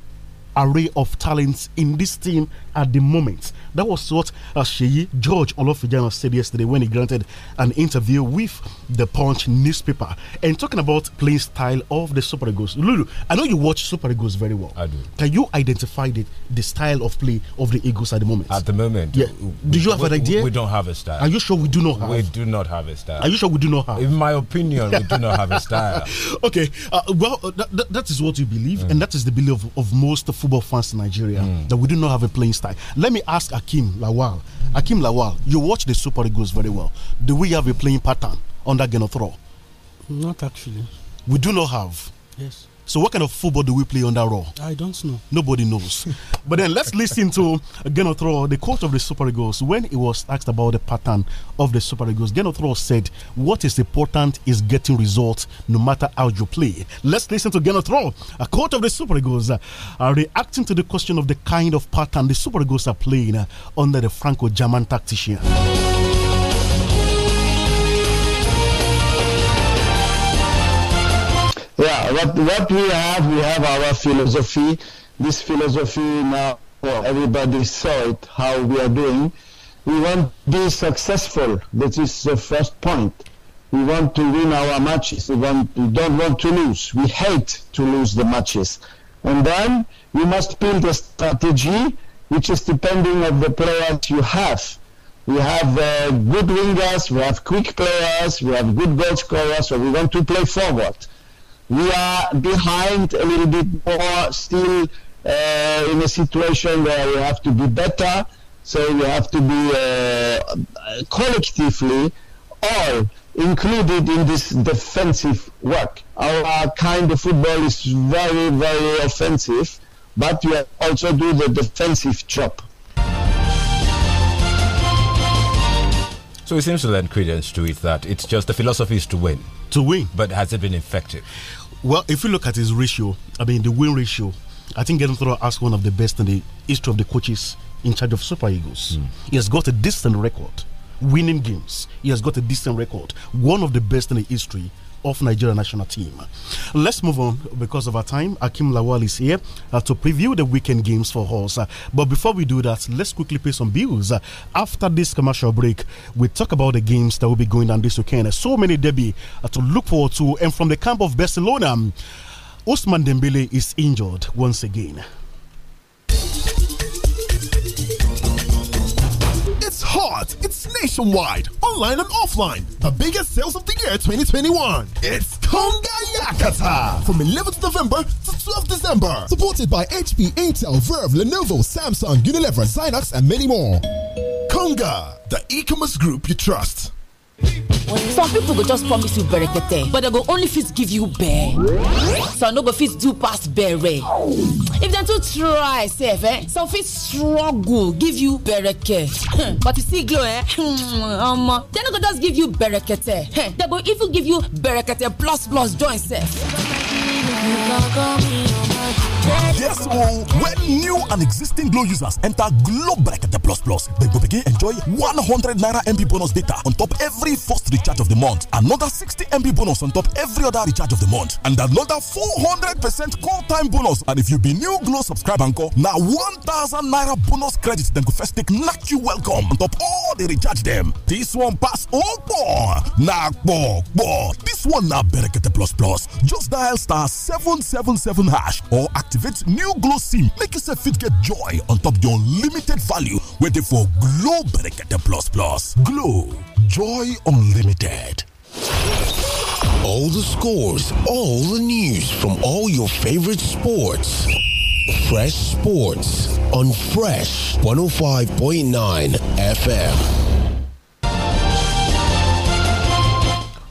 array of talents in this team at the moment. That was what uh, Sheyi George Olofijano said yesterday when he granted an interview with the Punch newspaper. And talking about playing style of the Super Eagles, Lulu, I know you watch Super Eagles very well. I do. Can you identify the, the style of play of the Eagles at the moment? At the moment, yeah. We, do you have we, an idea? We don't have a style. Are you sure we do not have? We do not have a style. Are you sure we do not have? In my opinion, we do not have a style. okay. Uh, well, uh, that, that, that is what you believe, mm. and that is the belief of, of most football fans in Nigeria mm. that we do not have a playing style. Let me ask Akim Lawal. Akim Lawal, you watch the Super Eagles very well. Do we have a playing pattern under Genothro? Not actually. We do not have. Yes. So what kind of football do we play under Raw? I don't know. Nobody knows. but then let's listen to Geno Thor, the coach of the Super Eagles, when he was asked about the pattern of the Super Eagles. Geno Thor said, "What is important is getting results, no matter how you play." Let's listen to Geno Thor, a coach of the Super Eagles, uh, reacting to the question of the kind of pattern the Super Eagles are playing uh, under the Franco-German tactician. Yeah, what, what we have, we have our philosophy. This philosophy now, everybody saw it, how we are doing. We want to be successful. That is the first point. We want to win our matches. We, want, we don't want to lose. We hate to lose the matches. And then we must build a strategy which is depending on the players you have. We have uh, good wingers, we have quick players, we have good goal scorers, so we want to play forward. We are behind a little bit more still uh, in a situation where we have to be better. So we have to be uh, collectively all included in this defensive work. Our kind of football is very, very offensive, but we also do the defensive job. So it seems to lend credence to it that it's just the philosophy is to win. To win. But has it been effective? Well, if you look at his ratio, I mean the win ratio, I think Getting Thorough has one of the best in the history of the coaches in charge of Super Eagles. Mm. He has got a distant record winning games. He has got a decent record, one of the best in the history of Nigeria national team. Let's move on because of our time. Akim Lawal is here uh, to preview the weekend games for us. Uh, but before we do that, let's quickly pay some bills. Uh, after this commercial break, we talk about the games that will be going down this weekend. So many debut uh, to look forward to. And from the camp of Barcelona, Usman Dembele is injured once again. It's hot. It's nationwide, online and offline. The biggest sales of the year 2021. It's Conga Yakata from 11th November to 12th December. Supported by HP, Intel, Verve, Lenovo, Samsung, Unilever, Zynox, and many more. Conga, the e-commerce group you trust. some people go just promise you berekete but dem go only fit give you bere some no go fit do pass bere if dem too try sef eh some fit struggle give you bereke hmm, but you see, glow eh omo hmm, dem no go just give you berekete hmm, dem go even give you berekete plus plus join sef Yes, oh, when new and existing Glow users enter Glow Bracket Plus Plus, they will begin enjoy 100 Naira MB bonus data on top every first recharge of the month, another 60 MB bonus on top every other recharge of the month, and another 400% call time bonus. And if you be new Glow subscriber now 1000 Naira bonus credit, then go first take knock you welcome on top all the recharge them. This one pass all four. Nah, four, four. This one now the Plus. Just dial star 777 hash or activate new glow sim make yourself fit get joy on top your unlimited value waiting for glow the plus plus glow joy unlimited all the scores all the news from all your favorite sports fresh sports on fresh 105.9 fm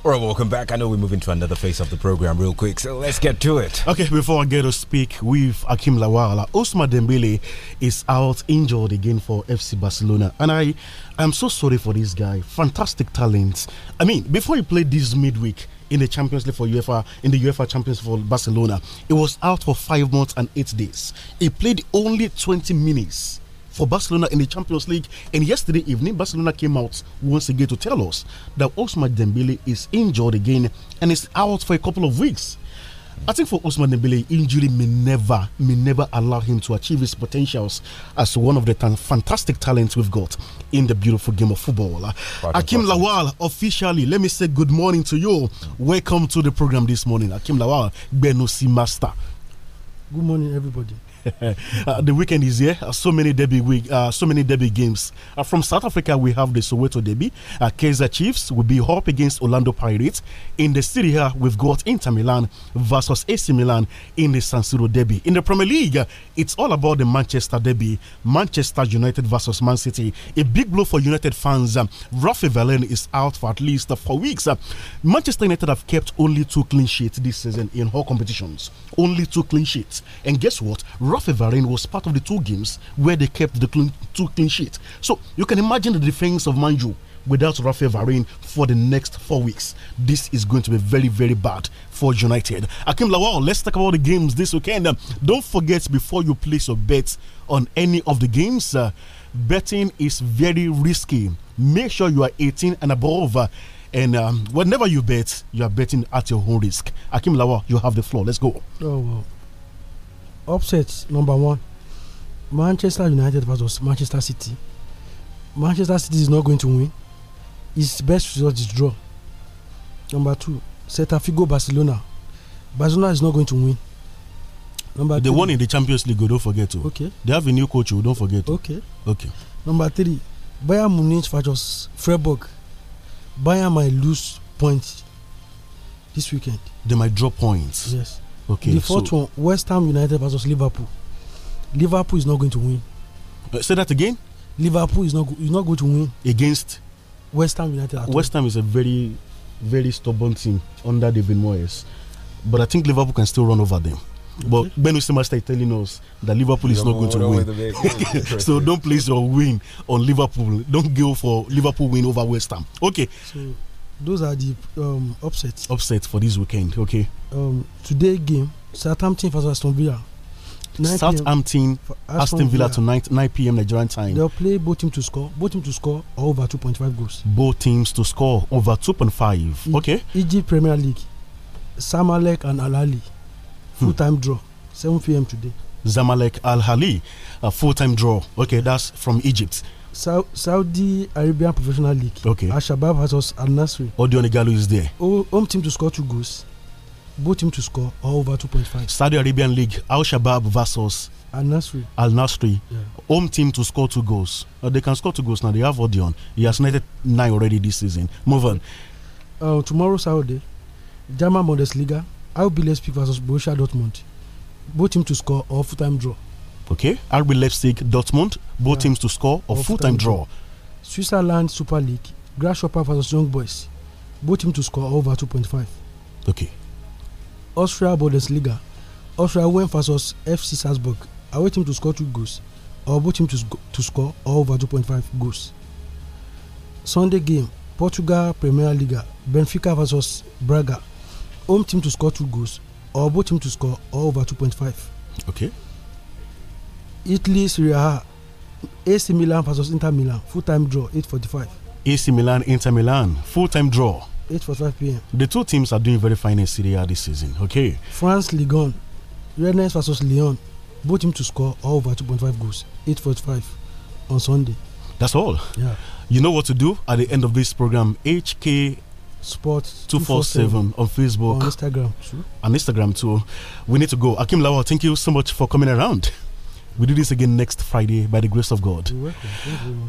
All right, welcome back. I know we're moving to another phase of the program real quick, so let's get to it. Okay, before I get to speak with Akim Lawala, Osman Dembele is out injured again for FC Barcelona, and I am so sorry for this guy. Fantastic talent. I mean, before he played this midweek, in the Champions League for UEFA in the UEFA Champions League for Barcelona. He was out for five months and eight days. He played only 20 minutes for Barcelona in the Champions League. And yesterday evening, Barcelona came out once again to tell us that Ousmane Dembele is injured again and is out for a couple of weeks. I think for Osman Dembele, injury may never, may never allow him to achieve his potentials as one of the fantastic talents we've got in the beautiful game of football. Uh, pardon, Akim pardon. Lawal, officially, let me say good morning to you. Welcome to the program this morning. Akim Lawal, Benusi Master. Good morning, everybody. uh, the weekend is here. Uh, so many derby week, uh, so many derby games. Uh, from South Africa, we have the Soweto derby. Uh, Kaiser Chiefs will be up against Orlando Pirates. In the city here, we've got Inter Milan versus AC Milan in the San Siro derby. In the Premier League, uh, it's all about the Manchester derby. Manchester United versus Man City. A big blow for United fans. Um, Rafi Valen is out for at least uh, four weeks. Manchester United have kept only two clean sheets this season in all competitions. Only two clean sheets. And guess what? Varane was part of the two games where they kept the clean, two clean sheets. So you can imagine the defense of Manju without Rafael Varane for the next four weeks. This is going to be very, very bad for United. Akim Lawal, let's talk about the games this weekend. don't forget before you place your bets on any of the games, uh, betting is very risky. Make sure you are 18 and above. Uh, and um, whenever you bet, you are betting at your own risk. Akim Lawa, you have the floor. Let's go. Oh, upset number one Manchester United versus Manchester City. Manchester City is not going to win. Its best result is draw. Number two, Celta Figo Barcelona. Barcelona is not going to win. Number the one in the Champions League, don't forget to. Oh. Okay. They have a new coach, oh, don't forget to. Oh. Okay. Okay. Number three, Bayern Munich versus Freiburg. Bayern might lose points this weekend. They might drop points. Yes. Okay. The fourth so one, West Ham United versus Liverpool. Liverpool is not going to win. Uh, say that again. Liverpool is not is not going to win against West Ham United. West Ham is a very very stubborn team under David Moyes, but I think Liverpool can still run over them. Okay. But Ben Wistemasta is telling us that Liverpool is no, not going to win. so don't place your win on Liverpool. Don't go for Liverpool win over West Ham. Okay. So, those are the um, upsets. Upsets for this weekend, okay. Um, today game Southampton versus Aston Villa. Southampton, Aston, Villa tonight, 9 p.m. Nigerian time. They'll play both teams to score, both teams to score or over 2.5 goals. Both teams to score over 2.5. E- okay. Egypt Premier League, Samalek and Al Alali, full time hmm. draw, 7 p.m. today. Zamalek Al Hali, a full time draw. Okay, that's from Egypt. Saudi Arabian Professional League. Okay. Al Shabab versus Al Nasri. Odion Igalo is there. O home team to score two goals. Both team to score or over 2.5. Saudi Arabian League. Al Shabab versus Al Nasri. Al Nasri. Yeah. Home team to score two goals. Uh, they can score two goals now. They have Odion. He has netted nine already this season. Move on. Uh, tomorrow, Saturday, German Bundesliga. Al will versus Borussia Dortmund. Both team to score or full time draw. Okay, RB Leipzig, Dortmund, both yeah. teams to score or, full time draw. Switzerland Super League, Grasshopper versus Young Boys, both teams to score over 2.5. Okay. Austria Bundesliga, Austria Wien versus FC Salzburg, away team to score two goals, or both teams to, sc to score over 2.5 goals. Sunday game, Portugal Premier Liga, Benfica versus Braga, home team to score two goals, or both teams to score over 2.5. Okay. Italy, Serie A, AC Milan versus Inter Milan, full time draw, 8.45. AC Milan, Inter Milan, full time draw. 8.45 p.m. The two teams are doing very fine in Serie A this season. Okay. France, Ligue 1, Rennes versus Lyon, both teams to score over 2.5 goals, 8.45 on Sunday. That's all. Yeah. You know what to do at the end of this program. HK Sport 247 on Facebook. On Instagram too. On Instagram too. We need to go. Akim Lawal, thank you so much for coming around. We do this again next Friday by the grace of God.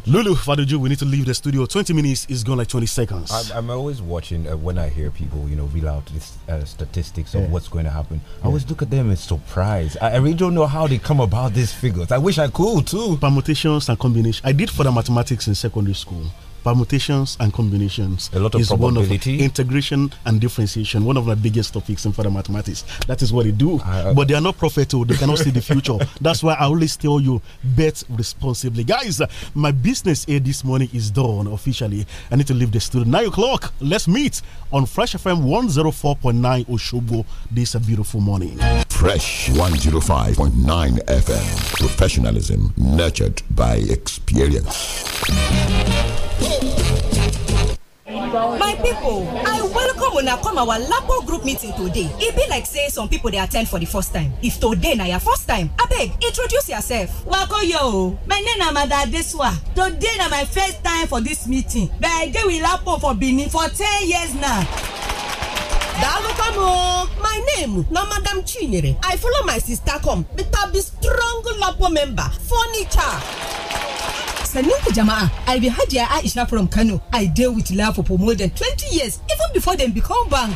Lulu Faduju, we need to leave the studio. 20 minutes is gone like 20 seconds. I'm, I'm always watching uh, when I hear people, you know, reel out this, uh, statistics of yeah. what's going to happen. Yeah. I always look at them in surprise. I, I, really don't know how they come about these figures. I wish I could too. Permutations and combinations. I did for the mathematics in secondary school permutations and combinations a lot of is probability. one of integration and differentiation one of the biggest topics in further mathematics that is what they do uh, but they are not profitable oh. they cannot see the future that's why i always tell you bet responsibly guys my business here this morning is done officially i need to leave the studio nine o'clock let's meet on fresh fm 104.9 oshobo this beautiful morning Fresh 105.9 FM. Professionalism nurtured by experience. my people, i welcome una come our lapo group meeting today e be like say some people they attend for the first time if today na your first time I beg introduce yourself. Wako yo, my name is mada adesuwa today na my first time for this meeting but i dey with lapo for benin for ten years now daalụkwanụ my name na madam chinyere i follow my sister come beta be strong labo member furniture sannin ku jama'a i be hajiya aisha from kano i deal with labo for more than 20 years even before them become bank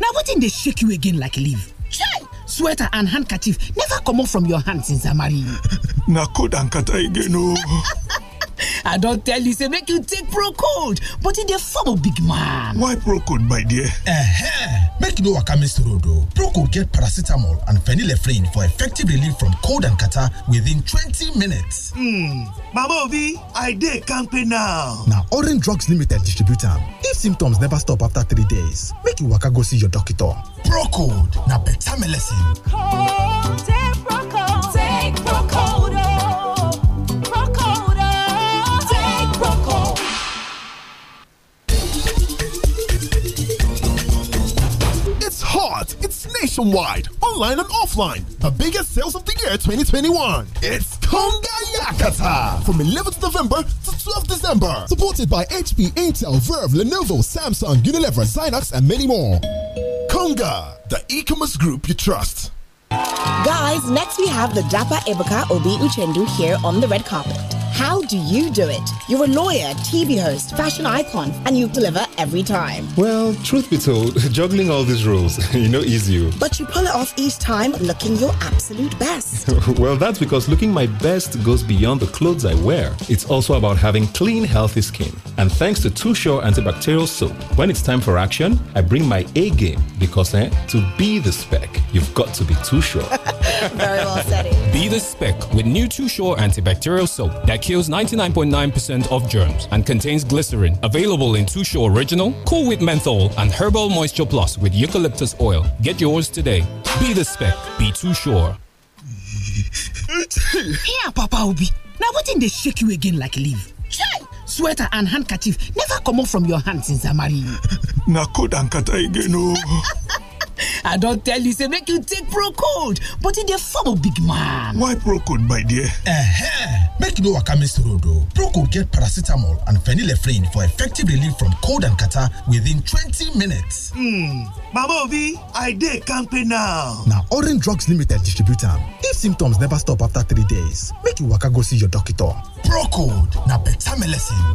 Now, what did they shake you again like leaf chai sweater and handkerchief never come off from your hands since i marry na cold and kata again i don't tell you say make you take procold but e dey form of big man why procold my dear eh make you know what miss road o procold get paracetamol and phenylephrine for effective relief from cold and catarrh within 20 minutes hmm mama Ovi, i dey campaign now Now orange drugs limited distributor. if symptoms never stop after three days make you waka go see your doctor procold na beta melecine nationwide, online and offline. The biggest sales of the year 2021. It's Conga Yakata from 11th November to 12th December. Supported by HP, Intel, Verve, Lenovo, Samsung, Unilever, Zynox, and many more. Conga, the e-commerce group you trust. Guys, next we have the Dapa Ibaka Obi Uchendu here on the red carpet. How do you do it? You're a lawyer, TV host, fashion icon, and you deliver every time. Well, truth be told, juggling all these roles, you know, is you. Oh. But you pull it off each time looking your absolute best. well, that's because looking my best goes beyond the clothes I wear. It's also about having clean, healthy skin. And thanks to Too Sure antibacterial soap, when it's time for action, I bring my A game because eh, to be the spec, you've got to be Too Sure. Be the spec with new Too Sure antibacterial soap that kills 99.9% percent of germs and contains glycerin. Available in Too Sure Original, Cool with Menthol, and Herbal Moisture Plus with eucalyptus oil. Get yours today. Be the spec. Be Too Sure. Here, Papa Obi. Now, what in they shake you again like leave? Chai! Sweater and handkerchief never come off from your hands since I married you. Na code and kata again, oh. i don't tell you say make you take Procode, but in the form of big man why Procode, my dear. Uh-huh. make you no waka miss road oh. get paracetamol and phenylephrine for effective relief from cold and catarrh within 20 minutes hmm mama obi i dey campaign now Now orange drugs limited distributor. if symptoms never stop after three days make you waka go see your doctor procold na beta melecine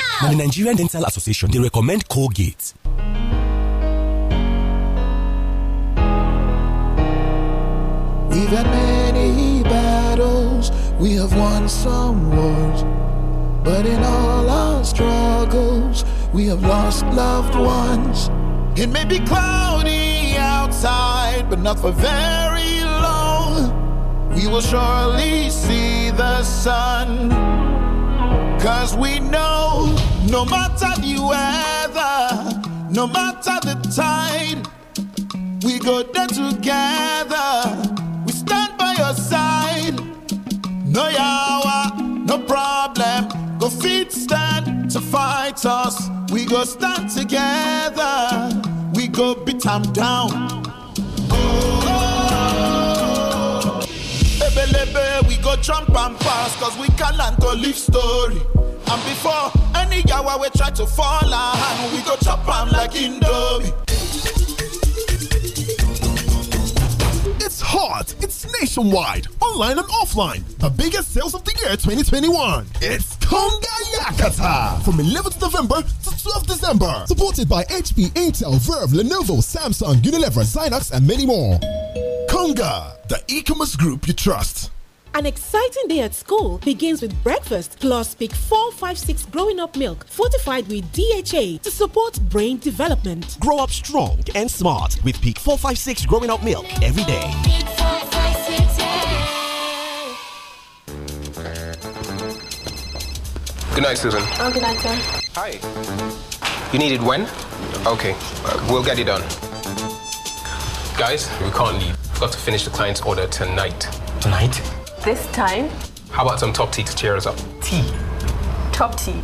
Now, the Nigerian Dental Association, they recommend Colgate. We've had many battles, we have won some wars. But in all our struggles, we have lost loved ones. It may be cloudy outside, but not for very long. We will surely see the sun, cause we know no matter the weather, no matter the tide, we go there together. We stand by your side. No yawa, no problem. Go feet stand to fight us. We go stand together. We go beat them down. Ebelebe, we go jump and pass, cause we can not go live story. And before any we try to fall we go chop like Indomie. It's hot. It's nationwide, online and offline. The biggest sales of the year 2021. It's Konga Yakata from 11th November to 12th December. Supported by HP, Intel, Verve, Lenovo, Samsung, Unilever, Xynox, and many more. Konga, the e-commerce group you trust. An exciting day at school begins with breakfast plus Peak 456 growing up milk fortified with DHA to support brain development. Grow up strong and smart with Peak 456 growing up milk every day. Good night, Susan. Oh, good night, sir. Hi. You need it when? Okay, uh, we'll get it done. Guys, we can't leave. We've got to finish the client's order tonight. Tonight? This time? How about some top tea to cheer us up? Tea. Top tea.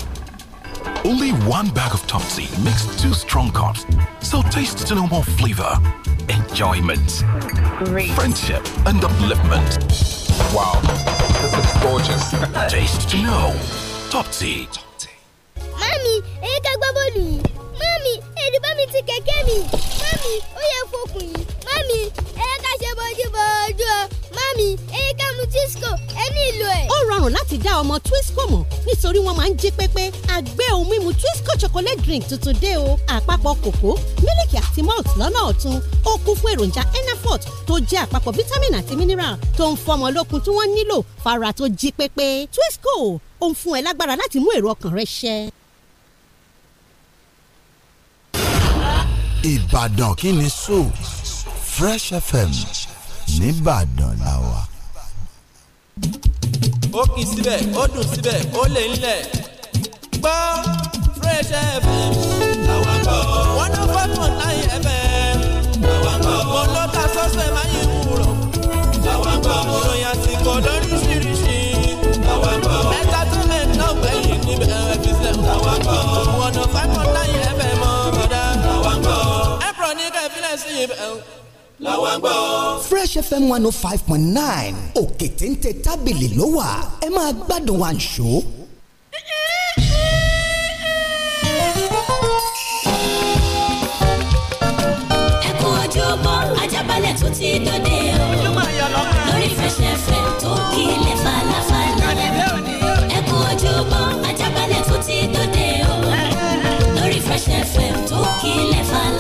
Only one bag of top tea makes two strong cups. So taste to know more flavor, enjoyment, Great. friendship, and upliftment. Wow, this is gorgeous. taste to know. Top tea. Mami, ẹ ká gbá bọ́ọ̀lù Mommy, Mami, ẹ̀rù bá ti kẹ̀kẹ́ mi. Mami, ó yẹ fokùn yìí. Mami, ẹ ká ṣe bójú bójú o ye fokun yii mami e se boju boju Mami, eyín ká mu Twisco, ẹ nílò ẹ̀. Ó rọrùn láti dá ọmọ Twisco mọ̀ nítorí wọ́n máa ń jí pépé. Àgbẹ̀ ohun mímu Twisco chocolate drink tuntun dé o. Àpapọ̀ kòkó, mílìkì àti malt lọ́nà ọ̀tun. Ó kún fún èròjà Enafort tó jẹ́ àpapọ̀ vitamin àti mineral tó ń fọmọ lókun tí wọ́n nílò fara tó jí pépé. Twisco ó ń fún ẹ lágbára láti mú èrò ọkàn rẹ ṣẹ. Ìbàdàn kí ni so Fresh FM nìbàdàn la wà. ó kì í síbẹ̀ ó dùn síbẹ̀ ó lè ń lẹ̀ gbọ́ fresh fm àwọn akọ́ one oh five point nine fm àwọn akọ́ mo ló ta sọ́sẹ̀ máa yí wúrọ̀ àwọn akọ́ mo àsìkò lóríṣiríṣi àwọn akọ́ mẹ́ta tó mẹ́ta náà gbẹ̀yìn níbẹ̀ ẹ̀ fi àwọn akọ́ one oh five point nine fm mọ́ bọ́dá àwọn akọ́ ẹ̀pọ̀ ní kẹ́fílẹ̀ sí ibẹ̀ làwọn gbọ́. fresh fm one oh five point nine òkè téńté tábìlì ló wà ẹ máa gbádùn àǹṣó. ẹkún ojúbọ ajábalẹ̀ tó ti dòde o lórí fresh fm tó kílẹ̀ falafala ẹkún ojúbọ ajábalẹ̀ tó ti dòde o lórí fresh fm tó kílẹ̀ falafala.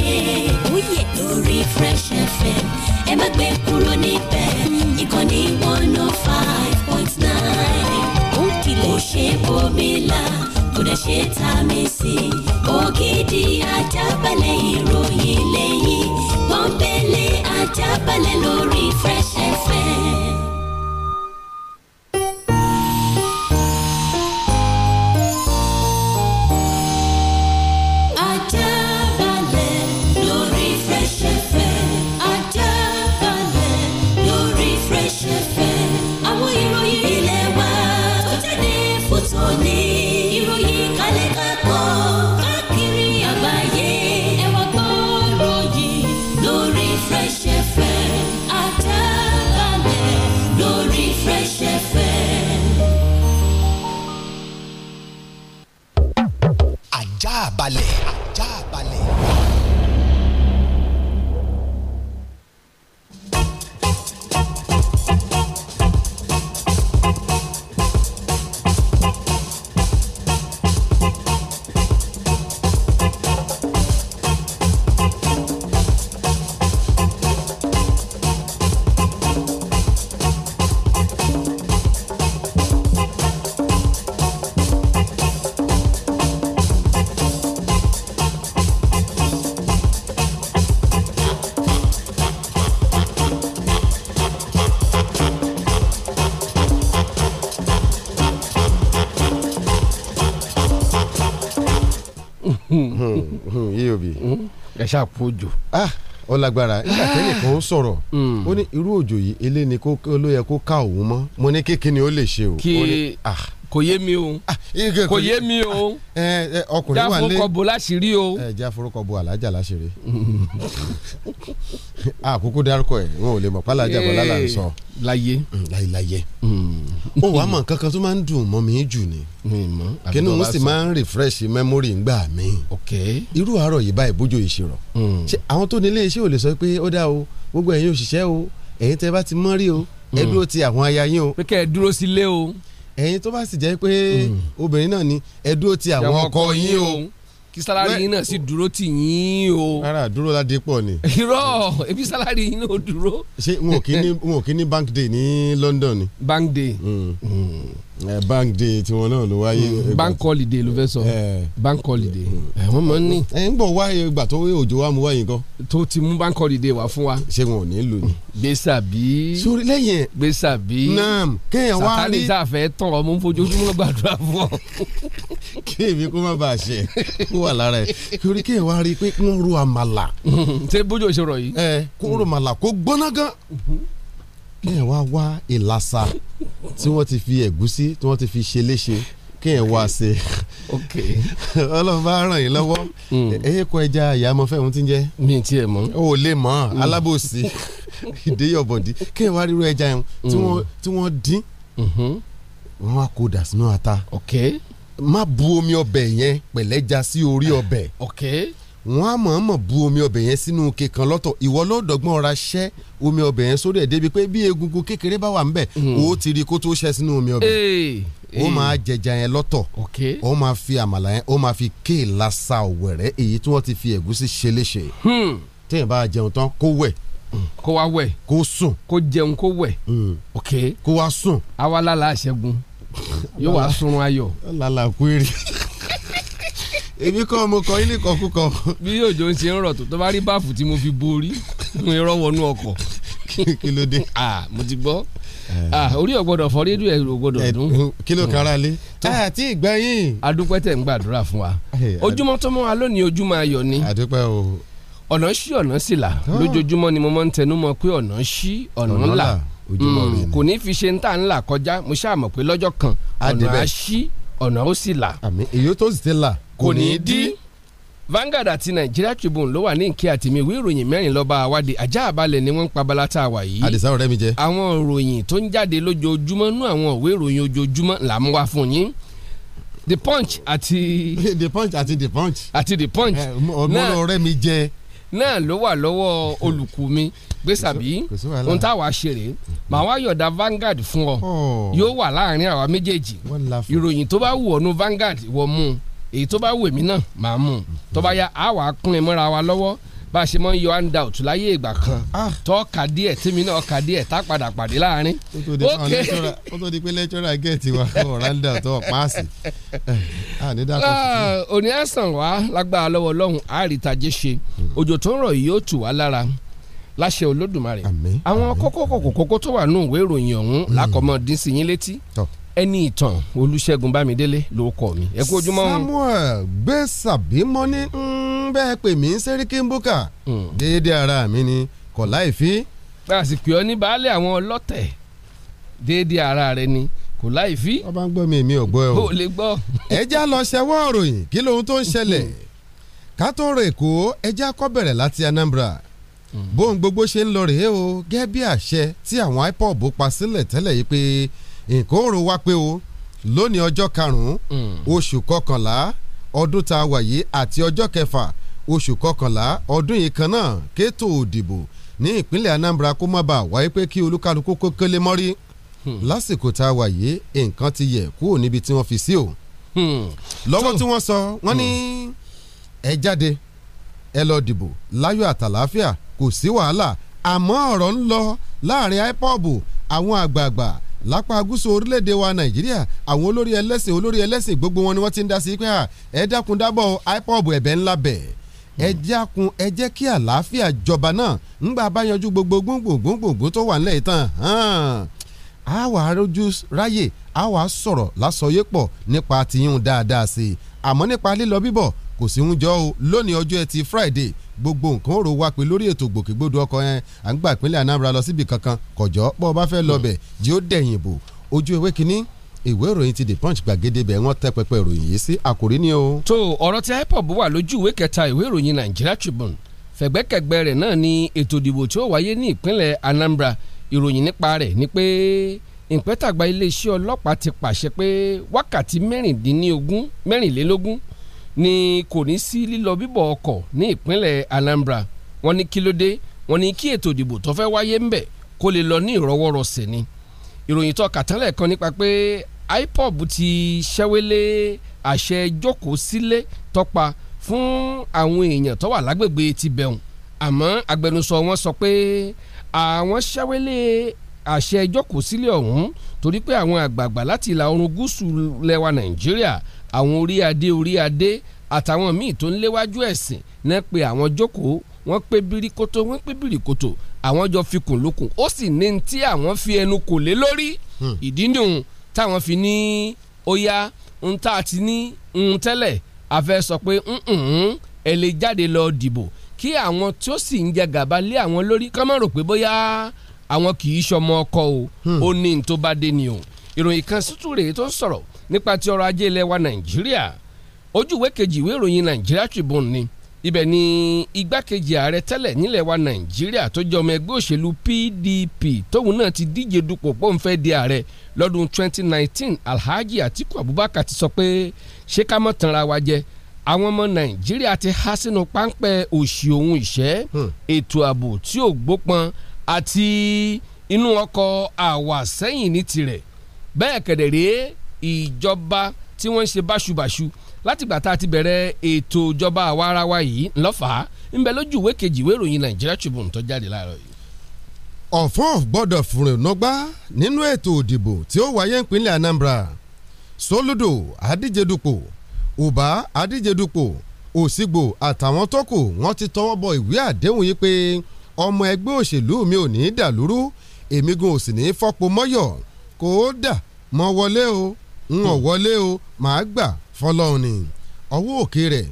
fẹ́. lórí Fresh FM ẹ má gbé kúrò níbẹ̀ ìkànnì one oh five point nine. ó kìlẹ̀ ó ṣe bòmílà kò dẹ̀ ṣe tà mí sí. ògidì ajábalẹ̀ ìròyìn lẹ́yìn pọ́npẹ́lẹ́ ajábalẹ̀ lórí Fresh FM. ṣàpò ah ó lágbára nígbà tẹ́lẹ̀ kan ń sọ̀rọ̀ hmm. ó ní irú òjò yìí ilé ni ló yẹ kó ká òun mọ́ mo ní kékeré ni ó lè ṣe o. kí ah. kò yé mi o ah, kò yé mi o eh, eh, ọkùnrin wà lé jáforúkọbọ láṣìírí o. ẹ eh, jáforúkọbọ alájà láṣìírí àkókò ah, dárúkọ ẹ wọn ò lè mọ̀ pálá àjàbọ̀ lálàá sọ. Hmm, láyé láyé. Hmm ó wàá mọ̀ kankan tó máa ń dùn mọ́ mi jù ni kínú mo sì máa ń refresh memory ngbà mi irú àárọ̀ yìí báyìí bójú ìṣirọ̀ hmm. ṣé àwọn tó nílé iṣẹ́ ò lè sọ pé ó dá o gbogbo ẹ̀yin òṣìṣẹ́ o ẹ̀yin tẹ́ bá ti mọ́ rí o ẹ hmm. dúró ti àwọn aya yín o pé kẹ́ ẹ dúró sílé o ẹ̀yin tó bá sì jẹ́ pé hmm. obìnrin náà ni ẹ dúró ti àwọn ọkọ yín o kí sálárì yín náà sì dúró tì yín o. rárá dúró ládé pọ̀ ni. irọ́ ebi sálárì yín náà dúró. ṣé n ò kí ní bank day ní London ni. bank day. Mm. Mm Eh, bank day tiwọn náà ló wáyé. Hmm, bank holiday ló fẹ́ sọ eh. bank holiday hmm. eh, wọ́n mọ̀ ní. ẹ ń gbọ́ wáyé ìgbà tó wé òjò wa mú wáyé nǹkan. tó ti mú bank holiday wá fún wa. ṣé wọn ò ní lò ní. Hmm, gbèsà bí. sórí lẹ́yìn. gbèsà bí. naam kéèyàn wá rí. sàtánì sàfẹ́ tọrọ mú fojoojúmọ́ gbàdúrà fún ọ. kéèmí kó má bàa ṣe kó wà lára ẹ torí kéèyàn wá rí pé kí wọ́n ro àmàlà. ṣé bójú ò ṣe rọ yìí. ẹ kó ro àmàlà kó gbóná gan kéèyàn wá wá ìlàsà tí wọ́n ti fi ẹ̀gúsí tí wọ́n ti fi ṣe léṣe kéèyàn wá ṣe ọlọ́run bá ràn yín lọ́wọ́ hmm. ẹ̀yẹ́ kọ ẹja ìyàmọ̀ fẹ́ òun ti ń jẹ́. mi ti ẹ̀ mọ́. o ò lè mọ̀ hmm. alábòsí ìdéyọ̀bọ̀dì kéèyàn wá rírọ ẹja yẹn tí hmm. wọ́n dín mm-hmm. wọ́n wá kó dà sínú ata. má bu omi ọbẹ̀ yẹn pẹ̀lẹ́ja sí orí ọbẹ̀ wọ́n á mọ̀ọ́mọ̀ bu omi ọbẹ̀ yẹn sínú òkè kan lọ́tọ̀ ìwọ ló dọ̀gbọ́n ra ṣẹ́ omi ọbẹ̀ yẹn sórí ẹ̀ débi pé bí egungun kékeré bá wà ńbẹ̀ o hmm. ti rí kó tó ṣẹ́ sínú omi ọbẹ̀ o máa jẹja yẹn lọ́tọ̀ o máa fi àmàlà yẹn o máa fi kéè lasa ọ̀wẹ̀rẹ́ èyí tí wọ́n ti fi ẹ̀gúsí ṣe léṣe hmm. téèyàn bá jẹun tán kó wẹ̀ hmm. kó wá wẹ̀ kó sùn kó jẹun kó wẹ̀ kó wá sùn awalala àṣẹgun yóò wá sunrun ayọ̀ lálàkúrì èmi kọ́ mo kọ́ ilé kọ̀kúkọ. bí òjò ń ṣe ń rọ̀ tó tó bá rí báàfù tí mo fi borí mo irọ́ wọnú ọkọ̀. kí ló dé. mo ti gbọ́ orí ọ̀gbọ́dọ̀ fọ́ rédíò ẹ̀ ọ̀gbọ́dọ̀ dún. kí ló kára lé. àti ìgbẹ́yìn. adúpẹ́ tẹ̀ ń gbàdúrà fún wa ojúmọ́ tó mọ́ wa lónìí ojúmọ́ ayọ̀ ni. àdúpẹ́ o. ọ̀nà sí ọ̀nà sí là ah. lójoojúmọ́ ni mo máa ń tẹnu mọ́ pé ọ̀nà sí ọ̀nà là hmm, kò ní fi ṣe ń tà ńlá kọjá mo ṣáà mọ̀ pé lọ́jọ́ kan ọ̀nà á sí ọ̀nà ó sì là. èyí tó sì ti là kò ní í dí. Vanguard àti Nigeria Tribune ló wà ní ìkí àti mi ìwé ìròyìn mẹ́rin lọ́ba àwádìí ajá àbálẹ̀ ni wọ́n ń pa balata wà yìí. àdìsá ọ̀rẹ́ mi jẹ́. àwọn ìròyìn tó ń jáde lójoojúmọ́ nú àwọn ìwé ìròyìn ojoojúmọ́ là ń wá fún yín the punch àti. the punch àti the punch. àti the punch. ọmọ ọ̀rẹ́ mi jẹ́ náà ló wà lọ́wọ́ olùkú mi gbèsàbí ohun táwa ṣeré màá wá yọ̀dá Vanguard fún ọ oh. yóò wà láàrin àwa méjèèjì ìròyìn tó bá wù ọ́nu Vanguard wọ́n mú un èyí tó bá wèmí náà màá mú tó bá yá a wà á kún ẹ mọ́ra wa lọ́wọ́ bá a ṣe mọ́ yọ hand out láyé ìgbà kan ah. tó ka díẹ̀ tèmi náà ka díẹ̀ tá padà pàdé láàrin. ó tó di pé lẹ́tọ́rà gẹ̀ẹ́tì wa ọ̀rọ̀ hand out ọ̀ paasi. Eh, ah, òní àìsàn wa lágbára lọ́wọ́ ọlọ́run àríntàjẹ́ ṣe òjò tó ń rọ̀ yìí ó tù wá lára láṣẹ olódùmarè àwọn kókó kókó tó wà nù ìwé ìròyìn ọ̀hún hmm. lákọ̀ọ́mọ́ dín sí yín létí ẹni ìtàn olùṣègùn bámidélé ló kọ mi ẹ kú ojúmọ́. samuel gbé sàbímọ ní mm, bẹ́ẹ̀ pè mí sẹ́ríkì ń bùkà mm. déédéé ara mi ni kọ̀ láì fi. àsìkò ọ ní baálé àwọn ọlọ́tẹ̀ déédéé ara rẹ ni kò láì fi. wọ́n bá ń gbọ́ mi èmi ò gbọ́ ẹ o. o lè gbọ́. ẹ lọ ṣẹwọ́ òròyìn kí lohun tó ń ṣẹlẹ̀ ká tó kó ẹ kọ́ bẹ̀rẹ̀ láti Anambra mm. bóun gbogbo ṣe ń lọ rèé o gẹ́gẹ́ bí àṣẹ tí àwọn IPOB pa sílẹ̀ tẹ́lẹ̀ yìí pé nǹkan òrò wá pé o lónìí ọjọ́ karùn-ún hmm. oṣù kọkànlá ọdún tá a wà yìí àti ọjọ́ kẹfà oṣù kọkànlá ọdún yìí kan náà kétò òdìbò ní ìpínlẹ̀ Anambra kó má bàa wáyé pé kí olúkálukú kó kélé mọ́rí hmm. lásìkò tá a wà yìí nǹkan ti yẹ kúrò níbi tí wọ́n fi sí o. Hmm. lọ́wọ́ tí wọ́n sọ wọ́n ní ẹ jáde ẹ lọ dìbò láyọ̀ àtàlàáfíà kò sí wàhálà àmọ́ ọ̀rọ̀ ń lọ láàrin IPOB àwọn àgbààgbà lápá gúúsù orílẹ̀-èdè wa nàìjíríà àwọn olórí ẹlẹ́sìn olórí ẹlẹ́sìn gbogbo wọn ni wọ́n ti ń dá sí pé ẹ dákun dábọ̀ ipob ẹ̀bẹ̀ ńlá bẹ̀ ẹ jákun ẹ jẹ́ kí àlàáfíà jọba náà ńgbà bá yanjú gbogbo gbùngbùngbùngbùn tó wà ńlẹ̀ ìtàn á wà á rojú ráyè á wà á sọ̀rọ̀ lásọyépọ̀ nípa tiyún dáadáa sí àmọ́ nípa lílọ bíbọ̀ kò sí ń o lónìí ọjọ́ ẹtì Friday gbogbo nǹkan ò rò wá pé lórí ètò gbòkègbodò ọkọ̀ yẹn à ń gbà pínlẹ̀ Anambra lọ síbi kankan kọ̀jọ́ bọ́ ọ bá fẹ́ lọ bẹ̀ jí ó dẹ̀yìn bò ojú ewé kínní ìwé ìròyìn ti the punch gbàgede bẹ̀ wọ́n tẹ́ pẹpẹ ìròyìn yìí sí àkòrí ni o. tó ọ̀rọ̀ tí ipob wà lójú ìwé kẹta ìwé ìròyìn Nigeria Tribune fẹ̀gbẹ́kẹ̀gbẹ́ rẹ̀ náà ni ètò ìdìbò tí ó wáyé ní ìpínlẹ̀ Anambra ìròyìn nípa rẹ̀ ni pé ìpẹ́tàgbà iléeṣẹ́ ọlọ́pàá ti pàṣẹ pé wákàtí mẹ́rìndínlógún mẹ́rìnlélógún ni kò ní sí lílọ bíbọ̀ ọkọ̀ ní ìpínlẹ̀ Anambra wọ́n ní kí ló dé wọ́n ní kí ètò ìdìbò tó fẹ́ wáyé ńbẹ̀ kó lè lọ ní ìrọwọ́rọsẹ̀ ni ìròyìn tó kàtàlẹ̀ kan nípa pé IPOB ti ṣẹ́wélé àṣẹ jókòó sílé tọ́pa fún àwọn èèyàn tó wà lágbègbè ti bẹ̀rùn àmọ́ agbẹnusọ wọn sọ pé àwọn ṣẹ́wélé àṣẹ jókòó sílé ọ̀hún torí pé àwọn àgbààgbà láti ìlà oòrùn gúúsù lẹwa Nàìjíríà àwọn orí adé orí adé àtàwọn míì tó ń léwájú ẹ̀sìn náà pé àwọn jókòó wọ́n pé bíríkótó wọ́n pé bíríkótó àwọn jọ fikùn lukùn ó sì ní tí àwọn fi ẹnu kò lé lórí hmm. ìdí nìhun táwọn fi ní ó yá ń tá a ti ní ń tẹ́lẹ̀ àfẹ́ sọ pé ẹ lè jáde lọ dìbò kí àwọn tí ó sì ń jẹ gàba lé àwọn lórí kọ́ mọ̀ rò pé bóyá àwọn kì í ṣọmọ ọkọ o hmm. ó ní ní tó bá dé ni o ìròyìn kan sútù rèé tó ń sọ̀rọ̀ nípa ti ọrọ̀ ajé ilẹ̀ wa nàìjíríà ojú ìwé kejì ìwé ìròyìn nàìjíríà Tribune ni ibẹ̀ ni igbákejì ààrẹ tẹ́lẹ̀ nílẹ̀ wa nàìjíríà tó jẹ́ ọmọ ẹgbẹ́ òṣèlú PDP tóun náà ti díje dupò pọ́n fẹ́ di ààrẹ lọ́dún 2019 Alhaji Atiku Abubakar ti sọ pé ṣé ká mọ̀ tanra wa jẹ àwọn ọmọ nàìjíríà ti há sínú páńpẹ́ òṣì ohun ìṣẹ́ hmm. ètò ààbò tí ò gbópọn àti inú ọkọ̀ àwàsẹ́yìn ní tirẹ̀ bẹ́ẹ̀ kẹ̀dẹ̀ rèé ìjọba tí wọ́n ń ṣe báṣubàṣu látìgbà tá a ti bẹ̀rẹ̀ ètò ìjọba àwarawa yìí ńlọ́fà ńbẹ lójú ìwé kejì ìwé ìròyìn Nàìjíríà Tribune tó jáde láàárọ̀ yìí. ọ̀fọ́n gbọ́dọ̀ fúnrẹ̀nọ́gbá nínú ètò òdìbò tí ó wáyé ìpínlẹ̀ Anambra Soludo Adíjedupò Uba Adíjedupò Òsígbò àtàwọn tó kù wọ́n ti tọwọ́ bọ ìwé àdéhùn yìí pé ọmọ ẹgbẹ́ òṣèlú mi ò ní í dàlúrú èmi gan ò sì ní í fọ́pọ̀ mọ́yọ̀ kódà mọ́ wọlé o n ò hmm. wọlé o màá gbà fọlọ́run ni ọwọ́ òkè rẹ̀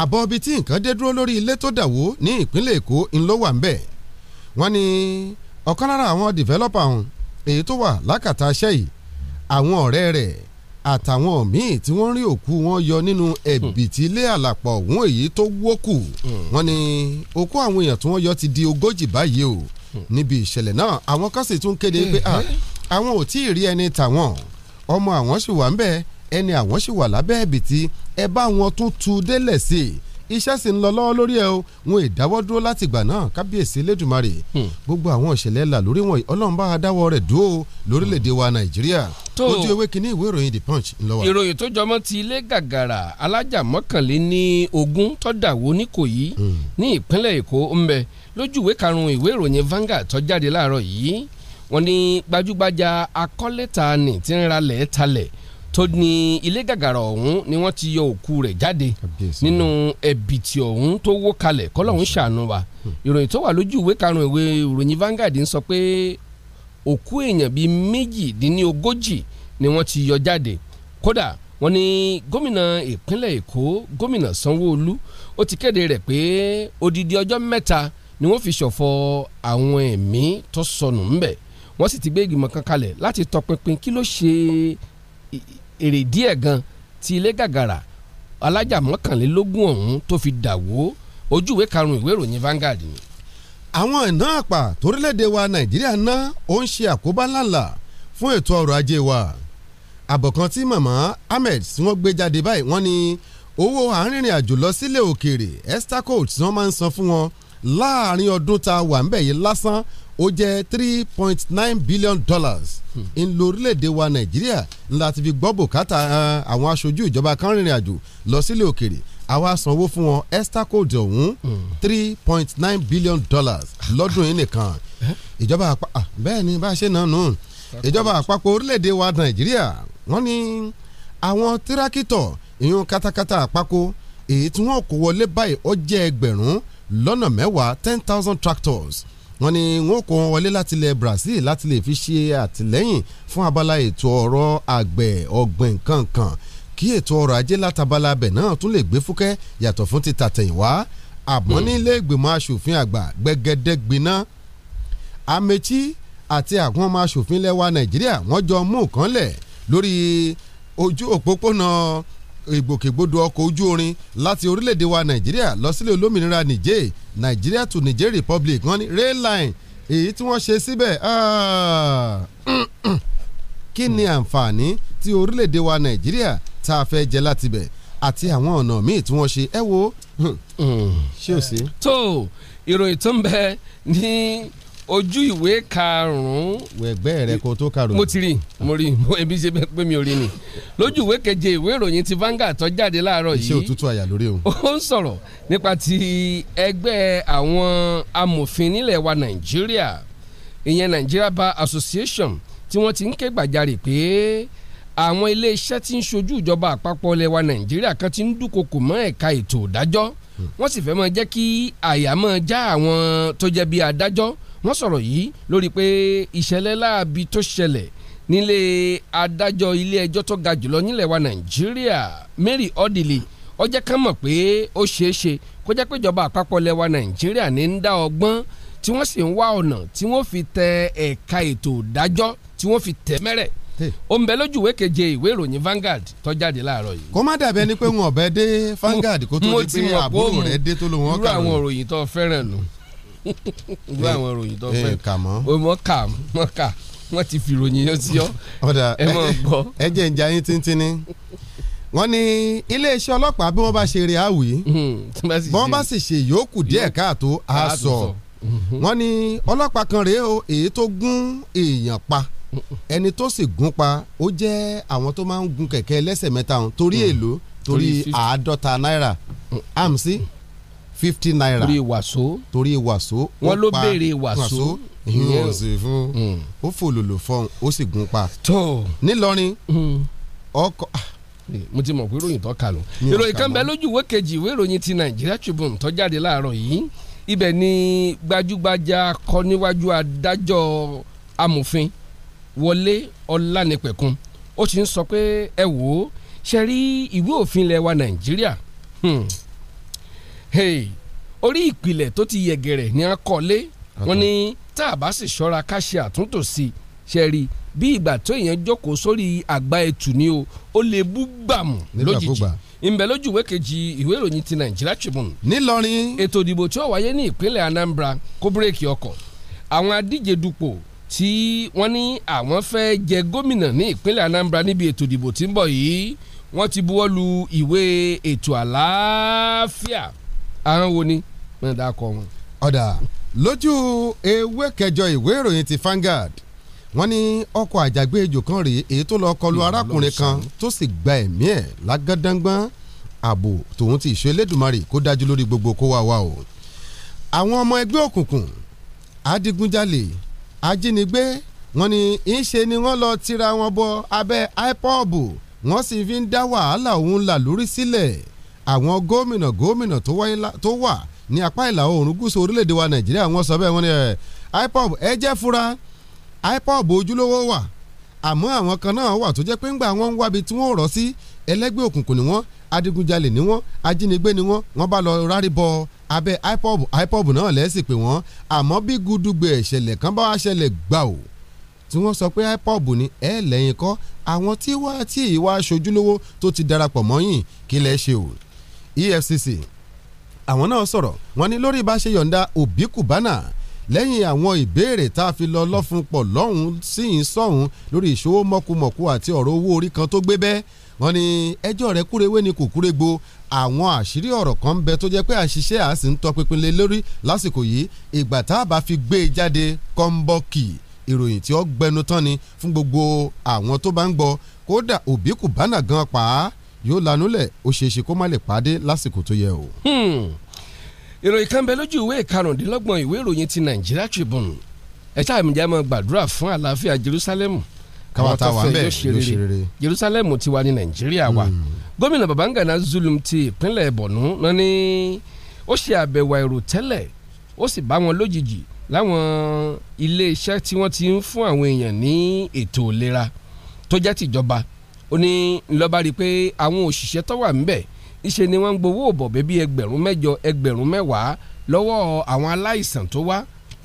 àbọ̀ ibi tí nǹkan dé dúró lórí ilé tó dàwó ní ìpínlẹ̀ èkó ń ló wà ń bẹ̀ wọ́n ní ọ̀kan lára àwọn dìvẹ́lọ́pà ọ̀hún èyí tó wà lákàtà iṣẹ́ yìí àwọn ọ̀rẹ́ rẹ̀ àtàwọn míì tí wọ́n rí òkú wọn yọ nínú ẹ̀bìtì ilé àlàpọ̀ ọ̀hún èyí tó wókù hmm. wọ́n ní òkú àwọn èèyàn tí wọ́n yọ ti di ogójì báyìí o hmm. níbi ìṣẹ̀lẹ̀ náà àwọn kan sì tún kéde pé eh, eh. àwọn ò tí ì rí ẹni tàwọn ọmọ àwọn sì wà ń bẹ̀ ẹni àwọn sì wà lábẹ́ ẹ̀bìtì ẹ bá wọn tún tu délẹ̀ sí i iṣẹ́ sì ń lọ lọ́wọ́ lórí ẹ o wọn ì dáwọ́ dúró láti ìgbà náà kábíyèsí elédùnmarè hmm. gbogbo àwọn ìṣẹ̀lẹ̀ là lórí wọn ọlọ́run bá a dáwọ́ rẹ̀ dúró lórílẹ̀‐èdè wa nàìjíríà lójú ewé kínní ìwé ìròyìn the punch ńlọwà. ìròyìn tó jọmọ́ ti ilé gàgàrà alájà mọ́kànlé ní ogún tó dàwó níkòyí hmm. ní ìpínlẹ̀ èkó ńbẹ lójú ìwé karùn-ún ìwé ìròyìn Vanguard tó jáde láàárọ̀ yìí wọ́n ní gbajúgbajà akọ́lẹ́ta ni tí ń ralẹ̀ talẹ̀ tó ní ilé gàgàrà ọ̀hún ni wọ́n ti yọ òkú rẹ̀ jáde nínú ẹ̀bìtì ọ̀hún tó wó kalẹ̀ kọ́lọ́hún ṣàánú wa hmm. ìròyìn tó wà lójú ìwé karùn-ún ìwé ìròyìn Vanguard ń sọ pé òkú èèyàn bíi méjìdínlógójì ni wọ́n ti yọ jáde kódà wọ́n ní gómìnà ìpínlẹ̀ Èkó gómìnà Sanwó-Olú ó ti kéde rẹ̀ pé odidi ọjọ́ mẹ́ta ni wọ́n fi ṣọ̀fọ̀ àwọn ẹ̀mí tó sọnù ńbẹ̀ wọ́n sì ti gbé ìgbìmọ̀ kan kalẹ̀ láti tọpinpin kí ló ṣe èrè díẹ̀ gan ti ilé gàgàrà alájà mọ́kànlélógún ọ̀hún tó fi dà wó ojú ìwé karùn-ún ìwé ìròyìn Vanguard ni. àwọn iná àpà torílẹ̀-èdè wa Nàìjíríà ná ó ń ṣe àkóbá ńláńlá fún ètò ọrọ̀ ajé wa àbọ̀ tí màmá Ahmed tí wọ́n gbé jáde báyìí wọ́n ní owó arìnrìn àjò lọ sílẹ̀ òkèèrè Estacot tí wọ́n máa ń san fún wọn láàrin ọdún tá wà ń bẹ̀ lásán ó jẹ́ three point nine billion dollars hmm. ń lo orílẹ̀-èdè wa nàìjíríà ńlá ti fi gbọ́ bùkátà àwọn aṣojú ìjọba kan rìnrìn àjò lọ sílé òkèèrè àwa sanwó fún wọn estacold ọ̀hún hmm. three point nine billion dollars lọ́dún yìí nìkan ìjọba àpapọ̀ bẹ́ẹ̀ ni bá a ṣe náà nù ìjọba àpapọ̀ orílẹ̀-èdè wa nàìjíríà wọ́n ní àwọn tírákítọ̀ ìyún katakata àpapọ̀ èyí tí wọ́n kó wọlé báyìí ó jẹ́ ẹgbẹ̀rún lọ́nà mẹ́wàá ten thousand tractors wọ́n ní wọn kó wọn wọlé láti ilẹ̀ Brazil láti lè fi ṣe àtìlẹ́yìn fún abala ètò ọ̀rọ̀ àgbẹ̀ ọ̀gbìn kankan kí ètò ọrọ̀ ajé látàbálà abẹ̀ náà tún lè gbé fúkẹ́ yàtọ̀ fún ti tàtẹ̀yìnwá àmọ́ hmm. nílé ìgbìmọ̀ asòfin àgbà gbẹgẹdẹgbiná Amechi àti àwọn ọmọ asòfin lẹ́wà Nàìjíríà wọ́n jọ mú nǹkan lẹ̀ lórí ojú òpópónà ìgbòkègbodò ọkọ̀ ojú orin láti orílẹ̀-èdè wa nàìjíríà lọ sílẹ̀ olómìnira niger nigeria to niger republic wọ́n ní rail line èyí tí wọ́n ṣe síbẹ̀ ah, kí ni àǹfààní tí orílẹ̀-èdè wa nàìjíríà tá a fẹ́ jẹ láti bẹ̀ àti àwọn ọ̀nà míì tí wọ́n ṣe ẹ wo tó ìròyìn tó ń bẹ ní ojú ìwé karùn-ún. wẹ̀gbẹ́ rẹ kó tó karùn-ún. mo ti rí mo rí ebi ṣe pé mi ò rí ni lójú ìwé keje ìwé ìròyìn ti Vanguard tó jáde láàárọ̀ yìí. iṣẹ́ òtútù àyà lórí òun. ó ń sọ̀rọ̀ nípa ti ẹgbẹ́ àwọn amòfin nílẹ̀ wa Nàìjíríà ìyẹn Nigeria Bar Association tí wọ́n ti ń ké gbàjarè pé àwọn iléeṣẹ́ tí ń ṣojú ìjọba àpapọ̀ ilẹ̀ wa Nàìjíríà kan ti ń dúnkokò mọ́ ẹ̀ka ètò ìdájọ́ hmm. wọ́n sì fẹ́ máa jẹ́ kí àyà máa já àwọn tó jẹ́ bíi adájọ́ wọ́n sọ̀rọ̀ yìí lórí pé ìṣẹ̀lẹ̀ láabi tó ṣẹlẹ̀ nílé adájọ́ ilé ẹjọ́ tó ga jùlọ nílẹ̀ wa nàìjíríà Mary Odili ó jẹ́ ká mọ̀ pé ó ṣeé ṣe kó jẹ́ pé ìjọba àpapọ̀ lẹ̀ wa nàìjíríà ní ń dá ọgbọ́n tí wọ́n sì ń wá ọ̀nà tí wọ́n fi tẹ ẹ̀ka ètò ìdájọ́ tí wọ́n fi tẹ̀ mẹ́rẹ̀ ó ń bẹ lójú ìwé keje ìwé ìròyìn Vanguard tó jáde láàárọ̀ yìí. kó má dàbí ẹni pé wọn ọbẹ dé Vanguard kó tó di pé àbúrò rẹ dé tó ló wọn kà lóyún. irú àwọn òròyìn tó fẹ́ràn nù irú àwọn ròyìn tó fẹ́ kà mọ́ o mọ́ kà mọ́ kà wọ́n ti fi ròyìn yọ sí ọ ẹ mọ̀ gbọ́. ẹ jẹ́ ìjà yín tíntínní wọ́n ní iléeṣẹ́ ọlọ́pàá bí wọ́n bá ṣe rè áwì hmm, bí wọ́n bá sì ṣe yòókù díẹ̀ káàtó á mhm. wọ́n ní ọlọ́pàá kan rèé o èyí tó gún èèyàn pa ẹni tó sì gún pa ó jẹ́ àwọn tó máa ń gun kẹ̀kẹ́ ẹlẹ́sẹ̀ mẹ́ta hàn torí hmm, èlò torí àádọ́ta náírà àmì sí fifty naira torí wàsó torí wàsó wọ́n ló béèrè wàsó ìyẹn ò sì fún hmm. ó fòlòlò fọhùn ó sì gún pa. tó nílọrin hmm. ọkọ. Ah. mo ti mọ̀ pé ìròyìn tó kà ló ìròyìn kan bẹ lójú ìwé kejì ìwé ìròyìn ti Nigeria Tribune tó jáde láàárọ̀ yìí ibẹ̀ ni gbajúgbajà kọ níwájú adájọ́ amòfin Wọlé Ọlánipẹ̀kun ó ti ń sọ pé ẹ wò ó ṣe rí ìwé òfin ilẹ̀ wa Nàìjíríà. Hmm orí ìpìlẹ̀ tó ti yẹ̀gẹ̀rẹ̀ ni wọ́n kọ́lé wọn ni tá a bá sì ṣọ́ra ká ṣe àtúntò sí i ṣe rí bí ìgbà tó èèyàn jókòó sórí àgbá ẹtù ni o ó lè bú gbàmù lójijì ìbẹ̀ lójú ìwé kejì ìwé ìròyìn ti Nigeria Tribune. nílọrin. ètò ìdìbò tí ó wáyé ní ìpínlẹ̀ Anambra kó bírèkì ọkọ̀ àwọn adíje dupò tí wọ́n ní àwọn fẹ́ jẹ gómìnà ní ìpínlẹ̀ Anambra níbi ètò ìdìbò tí ń bọ̀ yìí wọ́n ti buwọ́ lu ìwé ètò àlàáfíà aràn wo ni mo dá kọ wọn. ọ̀dà lójú ewé kẹjọ ìwé ìròyìn ti Vanguard wọ́n ní ọkọ̀ àjàgbé ejò kan rèé èyí tó lọ kọlu arákùnrin kan tó sì gba ẹ̀mí ẹ̀ lágádángbọ́n ààbò tòun ti ìṣe Elédùmarè kó dájú lórí gbogbo kó wá wa o àwọn ọmọ ẹgbẹ́ òkùnkùn adigunjalè ajínigbé wọ́n ní ìṣe ni wọ́n lọ tira wọn bọ abẹ́ IPOB wọ́n sì fi ń dá wàhálà òun là lórí sílẹ̀ si àwọn gómìnà gómìnà tó wà ní apá ìlà oòrùn gúúsù orílẹ̀-èdè wa nàìjíríà wọ́n sọ bẹ́ẹ̀ wọ́n ní eh, ipob ẹ jẹ́ fura ipob ojúlówó wà àmọ́ àwọn kan náà wà tó jẹ́ pé ńgbà wọ́n ń wábi tí wọ́n rọ̀ sí ẹlẹ́gbẹ́ òkùnkùn ni wọ́n adigunjalè ni wọ́n ajínigbé ni wọ́n wọ́n bá lọ rárí bọ abẹ́ ipob ipob náà lẹ́sìn pé wọ́n àmọ́ bí gudugbe ìṣẹ̀lẹ̀ kan bá wá ṣẹlẹ̀ gbà ó tí wọ́n sọ pé ipob ni ẹ lẹ́yìn kọ́ àwọn tí wá tí ìwà aṣojúlówó tó ti darapọ̀ mọ́yìn kí lẹ́ ṣe o EFCC àwọn náà sọ̀rọ̀ wọ́n ní lórí bá ṣe yọ̀ǹda Obi Cubana lẹ́yìn àwọn ìbéèrè tá a fi lọ lọ́fun pọ̀ lọ́hùn sí í sọ̀hún lórí ìṣòwò mọ̀kùmọ̀kù àti ọ̀rọ̀ owó orí kan tó gbé bẹ́ẹ̀ wọ́n ní ẹjọ́ rẹ̀ kúrewé ni kò kúregbò àwọn àṣírí ọ̀rọ̀ kan ń bẹ tó jẹ́ pé àṣìṣe à sì ń tọpinpin lé lórí lásìkò yìí ìgbà tá a bá fi gbé e jáde kọ́ńbọ́ọ̀kì ìròyìn tí ó gbẹnu tán ni fún gbogbo àwọn tó bá ń gbọ́ kódà Obi Cubana gan pa yóò lanúlẹ̀ ó ṣeé ṣe kó má lè pàdé lásìkò tó yẹ o. Hmm. ìròyìn kan bẹ lójú ìwé ìkarùndínlọ́gbọ̀n ìwé ìròyìn ti Nigeria Tribune ẹ ṣáà mi gbàdúrà fún àlàáfíà Jerusalem káwọn tá a wà ń bẹ̀ yóò ṣe rere Jerusalem ti wà ní Nàìjíríà wa hmm. gómìnà Babangana Zulum ti ìpínlẹ̀ Borno náà ni ó ṣe àbẹ̀wò àìròtẹ́lẹ̀ ó sì bá wọn lójijì láwọn iléeṣẹ́ tí wọ́n ti ń fún àwọn èèyàn ní ètò ìlera tó jẹ́ tìjọba ó ní ńlọba rí i pé àwọn òṣìṣẹ́ tó wà ńbẹ̀ ìṣe ni wọ́n ń gbowó bọ̀bẹ́ bíi ẹgbẹ̀rún mẹ́jọ ẹgbẹ̀rún mẹ́wàá lọ́wọ́ àwọn aláìsàn tó wá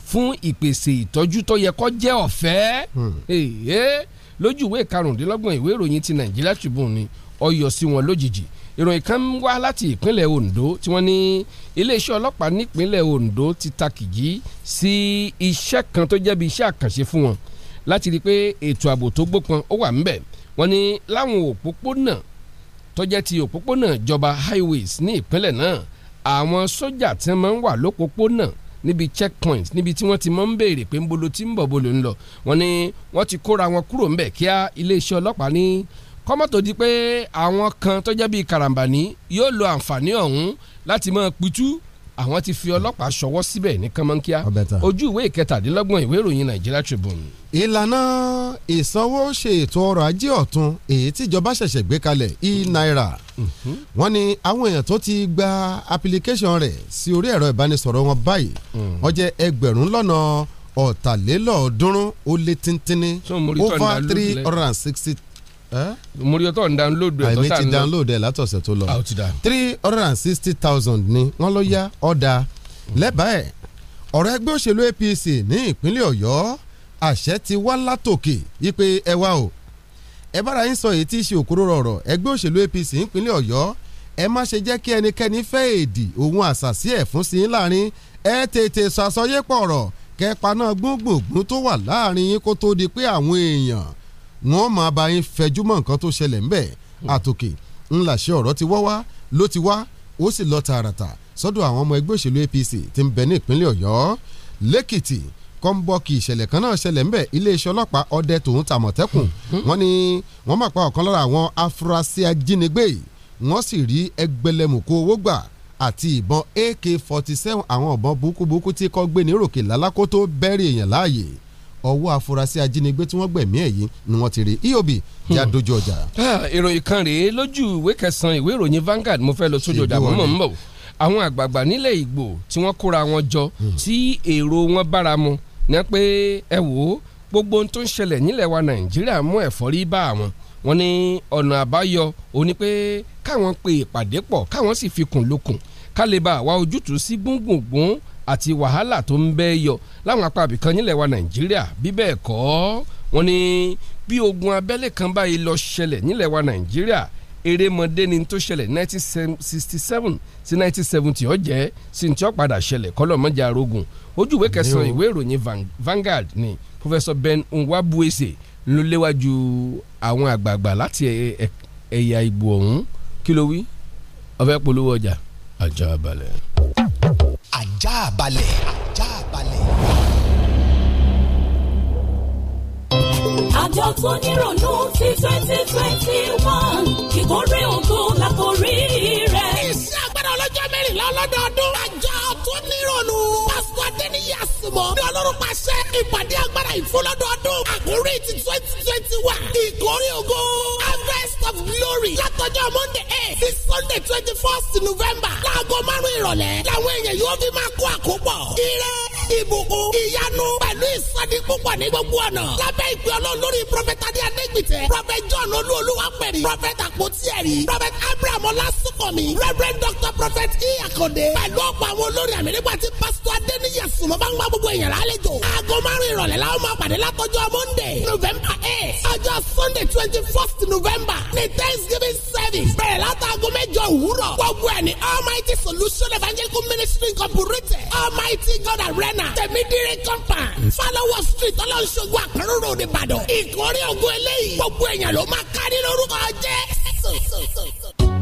fún ìpèsè ìtọ́jú tó yẹ kó jẹ́ ọ̀fẹ́ hmm. lójú ìwé karùndínlọ́gbọ̀n ìwé ìròyìn ti Nigeria Tribune ni ọyọ̀ sí wọn lójijì ìròyìn kan wá láti ìpínlẹ̀ Ondo tí wọ́n ní iléeṣẹ́ ọlọ́pàá nípínlẹ̀ Ondo ti takìjì sí iṣẹ́ kan tó jẹ́ iṣẹ́ àkànṣe fún wọn láti rí i pé ètò ààbò tó gbópọn ó wà ńbẹ̀ wọ́n ní láwọn òpópónà tó jẹ́ ti òpópónà ìjọba highways ní ìpínlẹ̀ náà àwọn sójà tí wọ́n máa ń wà lópópónà níbi checkpoint níbi tí wọ́n ti máa ń béèrè pé ń bolo tí ń bọ̀ bolo ń lọ wọ́n ní wọ́n ti kóra wọn kúrò ńbẹ̀ kíá iléeṣẹ́ ọlọ́pàá ní kọ́mọ́tò di pé àwọn kan tó bíi karambani yóò lo àǹfààní ọ̀hún láti máa pitú àwọn ti fi ọlọ́pàá ṣọwọ́ síbẹ̀ ní kánmọ́nkíá ojú ìwé ìkẹtàdínlọ́gbọ̀n ìwé ìròyìn Nigeria Tribune. ìlànà ìsanwó ṣe ètò ọrọ̀ ajé ọ̀tun èyí tíjọba ṣẹ̀ṣẹ̀ gbé kalẹ̀ e-naira mhm. wọ́n ní àwọn èèyàn tó ti gba application rẹ̀ sí orí ẹ̀rọ ìbánisọ̀rọ̀ wọn báyìí mhm. wọ́n jẹ́ ẹgbẹ̀rún lọ́nà ọ̀tàlélọ́ọ̀ọ́dúnrún ó lé tíntínní over three hundred and sixty múríọ́ tó ń download ẹ̀ tó sàn lọ. download ẹ̀ látọ̀sẹ̀ tó lọ. a ah, ó three hundred and sixty thousand ni wọ́n ló yá ọ̀dà lẹ́bàá ẹ̀ ọ̀rọ̀ ẹgbẹ́ òṣèlú APC ní ìpínlẹ̀ Ọ̀yọ́ àṣẹ ti wá látòkè wípé ẹ wá o ẹ bára yín sọ èyí tí í ṣe òkúrò rọ̀rọ̀ ẹgbẹ́ òṣèlú APC ìpínlẹ̀ Ọ̀yọ́ ẹ má ṣe jẹ́ kí ẹnikẹ́ni fẹ́ èdì òun àṣàsí ẹ̀ fún sí láàrin ẹ tètè sọ àsọyépọ̀ ọ̀rọ̀ kẹ́ẹ̀paná gbùngbùngbùn tó wà láàrin yín kó tó di pé àwọn èèyàn wọn máa bá yín fẹjú mọ́ nǹkan tó ṣẹlẹ̀ ńbẹ̀ àtòkè ńláṣẹ ọ̀rọ̀ ti wọ́ wá ló ti wá ó sì lọ tààràtà sọ́dọ̀ àwọn ọmọ ẹgbẹ́ òṣèlú APC tí ń bẹ ní ìpínlẹ̀ Ọ̀yọ́ lẹ́kìtì kọ́ńbọ́ọ̀kì ìṣẹ̀lẹ̀ kan náà ṣẹlẹ̀ ńbẹ̀ iléeṣẹ́ ọlọ́pàá ọdẹ tòun tàmọ̀tẹ́kùn hmm. wọ́n ní wọ́n máa pa ọ̀kan lára àwọn afurasí ajínigbé wọ́n sì rí ẹgbẹ̀lẹ́mùkú owó gbà àti ìbọn AK forty seven àwọn ọ̀bọ̀n burúkú burúkú tí kò gbé ní ròkè lálákó tó bẹ́rì èèyàn láàyè ọwọ́ afurasí ajínigbé tí wọ́n gbẹ̀mí ẹ̀ yìí ni wọ́n ti rí eob hmm. já dojú ọjà. ìròyìn kan rèé lójú ìwé kẹsàn-án ìwé ìròyìn Vanguard mo fẹ́ lọ sójú ọjà mọ́ mọ́ mọ́ àwọn àgbààgbà nílẹ̀ Ìgbò tí wọ́n kóra wọn jọ hmm. tí èrò wọn bára mu ní pé ẹ wò ó gbogbo ohun tó ń ṣẹlẹ̀ nílẹ̀ wa Nàìjíríà mú ẹ̀fọ́rí bá àwọn wọn ní ọ̀nà àbáyọ òní pé káwọn pe ìpàdé pọ̀ káwọn sì fi kùn ká lè bá àwa ojútùú sí gbùngbùngbùn àti wàhálà tó ń bẹ́ yọ láwọn apá abìkan nílẹ̀ wa nàìjíríà bí bẹ́ẹ̀ kọ́ wọ́n ní bí ogun abẹ́lé kan báyìí lọ ṣẹlẹ̀ nílẹ̀ wa nàìjíríà erémọdé ni tó ṣẹlẹ̀ 1967 sí 1970 ọ̀jẹ́ sí ní tí ó padà ṣẹlẹ̀ kọ́lọ́mọ́jà arógun ojú ìwé kẹsàn-án ìwé ìròyìn Vanguard ni Professor Ben Nwabuese ló léwájú àwọn àgbààgbà láti ẹ̀yà Ìgbò ọ̀hún kí ló wí ó fẹ́ polówó ọjà ajá balẹ̀ ajá balẹ̀. ajá balẹ̀. àjọ tó nírònú ti twenty twenty one ìkórè ògo làkórí rẹ̀. iṣẹ́ agbára ọlọ́jọ́ mẹ́rìnlá ọlọ́dọọdún. àjọ tó nírònú. pásítọ̀ adéníyà sùmọ̀. ní ọlọ́run pàṣẹ ìpàdé agbára ìfọlọ́dọọdún. àkórí ti twenty twenty one ìkórè ògo. night of glory látọjọ́ monday eight sí sunday twenty first november láago márùn-ún ìrọ̀lẹ́ làwọn èèyàn yóò fi máa kó àkópọ̀ ire. ìbùkún ìyanu pẹ̀lú ìsọdí púpọ̀ ní gbogbo ọ̀nà. lábẹ́ ìpè ọlọ́run lórí prọfẹ̀tà ní adégbìtẹ́ prọfẹ̀t john olúolúwa pẹ̀lú prọfẹ̀t àpótíẹ̀rì prọfẹ̀t abraham ọlásùnkànmí reverend doctor prọfẹ̀t e akande pẹ̀lú ọ̀pọ̀ àwọn olórí àmì nígbà tí pásítọ̀ adéníyà sùnmọ́ bá ń gbá gbogbo èèyàn lálejò. aago márùn ìrọ̀lẹ́ la ó máa pàdé látọjọ́ monday november eight ọjọ́ sunday twenty first november ní thanksgiving service bẹ̀rẹ̀ látàgọ́ mẹ́jọ òwúrọ̀ gbogbo ẹ̀ ní almighty solution evangelical ministry incorporated almighty god arena corner tẹ̀mídìrí compound falawa street ọlọ́nṣogbo àkàrò road ìbàdàn ìkórè ògùn eléyìí gbogbo èèyàn ló máa kárí lórúkọ jẹ́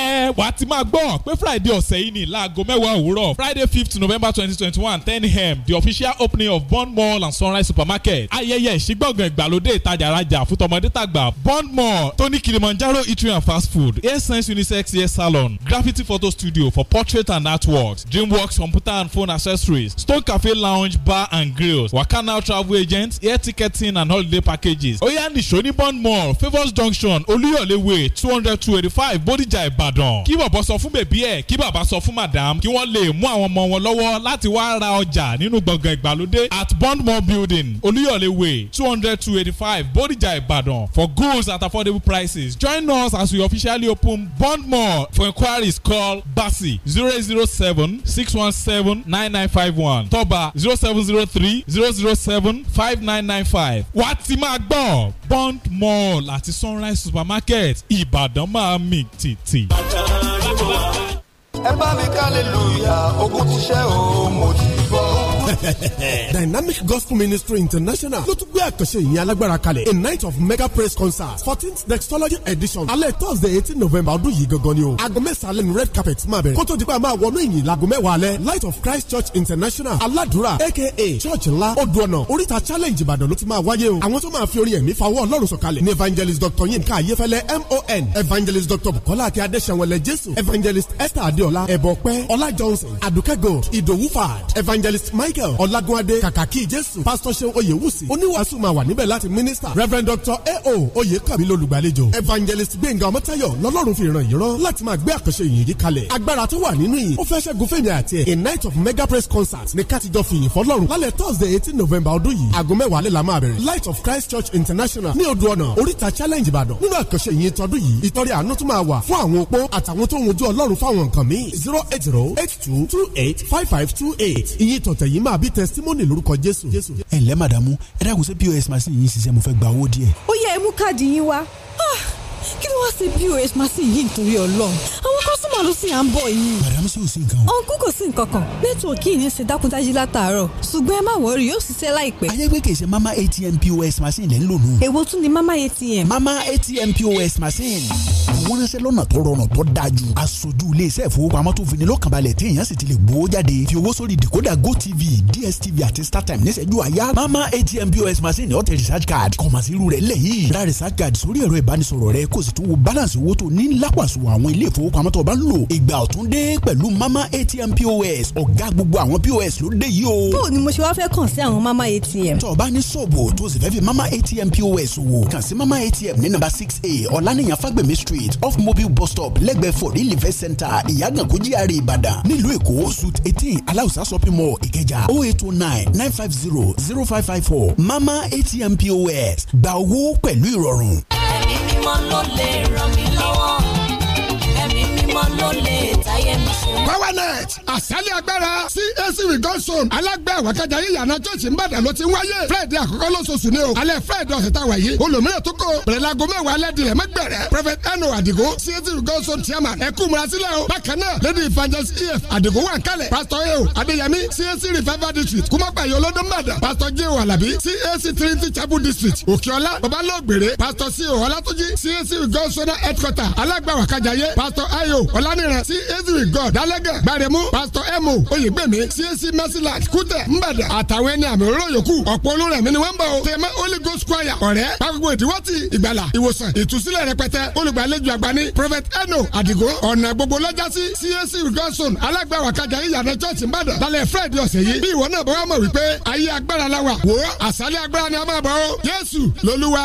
ẹ wà á ti máa gbọ́ pé friday ọ̀sẹ̀ yìí ní láago mẹ́wàá òwúrọ̀ friday fifth november twenty twenty one ten am the official opening of bond mall and sunrise supermarket ayẹyẹ ìṣígbọ̀ngàn ìgbàlódé ìtajà arajà fún tọmọdé tàgbà bond mall tó ní kilimanjaro eatery and fast food air science unisex hair salon graffiti photo studio for portrait and artworks dreamworks computer and phone accessories stone cafe lounge bar and grills wakana travel agents air ticketing and holiday packages oyanisho ní bond mall favours junction olúyọ̀lé way two hundred two eighty five bodijà ìbàdàn. Ìbàdàn kí bọ̀bọ̀ sọ fún bèbí ẹ̀ kí bàbá sọ fún madam kí wọ́n lè mú àwọn ọmọ wọn lọ́wọ́ láti wá ra ọjà nínú gbọ̀ngàn ìgbàlódé at Bondmore building Olúyọ̀lé way two hundred two eighty five Bódìjà Ìbàdàn for goods at affordable prices join us as we officially open Bondmore for inquiries call Basi zero eight zero seven six one seven nine nine five one Toba zero seven zero three zero zero seven five nine nine five wá ti máa gbọ́ Bond Mall àti Sunrise Supermarket Ìbàdàn máa mì tìtì ẹ bá mi ká lùyà ogun ti ṣẹ́ o mo ti Dynamic Gospel Ministry International ló tún gbé àkànṣe ìyẹn alágbára kalẹ̀ a night of mega praise concert fourteenth Nextology edition alẹ́ Thursday eighteen November ọdún yìí gangan ni o aago mẹ́sàn-án lẹ́nu red carpet máa bẹ̀rẹ̀ kó tó di pé a máa wọnú ìyìn láago mẹ́wàá alẹ́ Light of Christ Church International aládùúrà aka church ńlá odò ọ̀nà oríta challenge Ìbàdàn ló ti máa wáyé o àwọn tó máa fi orin ẹ̀mí fawọ́ Ọlọ́run sọ̀kalẹ̀ ni evangelist Dr. Yinka Ayefẹ́lẹ́ MON evangelist Dr. Bukola Akẹ́ Adéṣẹ́wọlẹ̀ Jésù evangelist Esther Adeola. ẹ̀bọ̀pẹ́ Ọlá Johnson Aduke Gold Ìdòwúfà evangelist Mike michael ọlágúnadé kàkàkí jésù pásítọ̀ ṣe oyèwùsì oníwàásù máa wà níbẹ̀ láti mínísítà reverend Doctor ao oyèkàmí lolùgbàlejò evangelist gbẹ̀ngà ọmọtáyọ̀ lọ́lọ́run fi ràn yín rán láti máa gbé àkànṣe yìnyín yìí kalẹ̀ agbára tó wà nínú yìí ó fẹ́ ṣẹ́gun fèmí àti ẹ̀ a night of mega praise concert ní kátijọ́ fìyìn fọlọ́run lálẹ́ thursday eighteen november ọdún yìí aago mẹ́wàá lè la máa bẹ̀rẹ̀ light of christ church international ní odò ọ̀nà oríta challenge ìbàdàn nínú àkànṣe yìí tọdún yìí ìtọ́rí àánú tún máa wà fún àwọn opó àtàwọn zero eight zero eight two two eight five five two eight ìyìn tọ̀tẹ̀ yìí àdúrà àbí testimony lórúkọ jésù. ẹ ǹlẹ́ màdàmú ẹ dákun ṣé pọ́s machine yìí ṣiṣẹ́ mo fẹ́ gba owó díẹ̀. ó yẹ ẹ káàdì yín wá. Ah! kí ló wá ṣe pos masin yìí nítorí Ọlọ́run àwọn kọ́sùmà ló sì à ń bọ̀ yìí. bàdàmú sí òsín kan. ọ̀nkú kò sí nǹkan kan nẹ́tíwọ̀kì yìí ń ṣe dákúndájí látàárọ̀ ṣùgbọ́n ẹ má wọrí yóò ṣiṣẹ́ láìpẹ́. ayégbé ṣe mama atm pos masin lẹ́ ń lò nù. èwo tún ni mama atm. mama atm pos masin. àwọn ránṣẹ́ lọ́nà tó rọrùn tó dájú. aṣojú iléeṣẹ́ ìfowópamọ́ tó fini lọ́kànbalẹ̀ téèyàn sì ti lè gbowó jáde fi owó sórí decoder gotv dstv àti startime níṣẹ́jú àyà mama atm pos masin ọ̀tẹ̀ research card kọ̀mọ̀sí irú rẹ̀ lẹ́yìn ra research card sórí ẹ̀rọ ìbánisọ̀rọ̀ kò wo balance owó tó ní lápàsù àwọn ilé ìfowópamọ́ tó bá ń lò ìgbà ọ̀tun dé pẹ̀lú mama atm pos ọ̀gá gbogbo àwọn pos ló dé yìí o. bó o ni mo ṣe wá fẹ́ kàn sí àwọn mama atm. tó bá ní ṣọ́ọ̀bù tó sì fẹ́ fi mama atm pos wò kàn sí mama atm ní nàmbà six a ọ̀lànìyàn fagbemi street off mobile bus stop lẹ́gbẹ̀ẹ́ for the live center ìyàgànkó gr e ìbàdàn nílùú èkó suit eighteen aláùsá shopping mall ìkẹjà oh eight oh mama atm pos gba owó pẹ̀lú ìrọ̀rùn. ẹ̀mí mímọ́ ló lè ràn mí lọ́wọ́ ẹ̀mí mímọ́ ló lè láyé mi ṣe. power night àṣálẹ̀ agbára cac regal zone alágbẹ́ àwàkájà yíyànà church ńbàdàn ló ti ń wáyé friday àkọ́kọ́ lóṣooṣù ni o alẹ́ friday ọ̀sẹ̀ tá a wà yìí olùmíràn tó kọ bẹ̀rẹ̀lago mẹ́wàá alẹ́dìrẹ̀ mẹ́gbẹ̀rẹ̀ prophet ano adigo cac regal zone chairman ẹ̀kú murasílẹ̀ o bákan náà lady evangelist ef adigo wà kálẹ̀ pastor eo adéyẹmí cac revival district kúmọ́pàyọ olódó ńbàdàn pastor j alabi cac trinity chapel district òkèọlá babalóògbèrè pastor c o ọlátúnjì cac regal zone headquarter alágbàwàkájà yé pastor ayo ọlánìràn cac Living with God Dálẹ́gẹ̀ Gbàrẹ̀mú Pastor Emo Oyègbèmí CAC Mercy Land Kútẹ̀ Mbàdàn àtàwọn ẹni àmì òróró yòókù ọ̀pọ̀ olórẹ̀mí ni wọ́n ń bọ̀ o. Tẹ̀mẹ́ Holy Ghost Choir ọ̀rẹ́ Pápákọ̀ ìdíwọ́ ti ìgbàlà ìwòsàn ìtúsílẹ̀ rẹpẹtẹ olùgbàlejò àgbà ni Prophet Eno Adigo ọ̀nà gbogbo lọ́jà sí CAC Rigonson alágbàwà kájà ìyànà church Mbàdàn lálẹ́ Friday ọ̀sẹ̀ yìí bí ìwọ náà bọ́ wá mọ̀ wípé ayé agbára la wà wò ó àṣálẹ́ agbára ni a máa bọ̀ ó Jésù lolúwa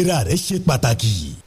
ìlera rẹ ṣe pàtàkì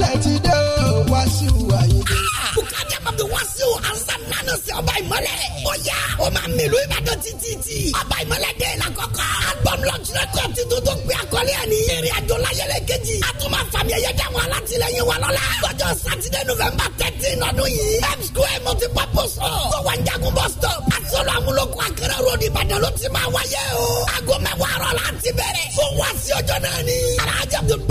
ìmọ́lẹ̀ ti dé o Wasiu Ayinde. bukari àbàbí Wasiu ansan nanu sí ọba ìmọ́lẹ̀. ó yá o máa mìlú ìbàdàn títí. ọba ìmọ́lẹ̀ dé la kọ́kọ́. album launch record ti tuntun pé àkọlé ẹni. eré àjò láyẹlẹ kejì. a tún máa fàmì ẹ̀yẹ dáhùn alátìlẹyìn wa lọ́la. lọ́jọ́ sátidé november thirteen ọdún yìí. m square multipurpose hall. tó wà ń jagun bus stop. àtúnṣe àmúlòkọ akẹrẹ road ìbàdàn ló ti máa wáyé o. aago mẹ́wàá rọ̀ la ti bẹ̀rẹ̀. fún Wasiu ọjọ́ náà ni. alhaji abdul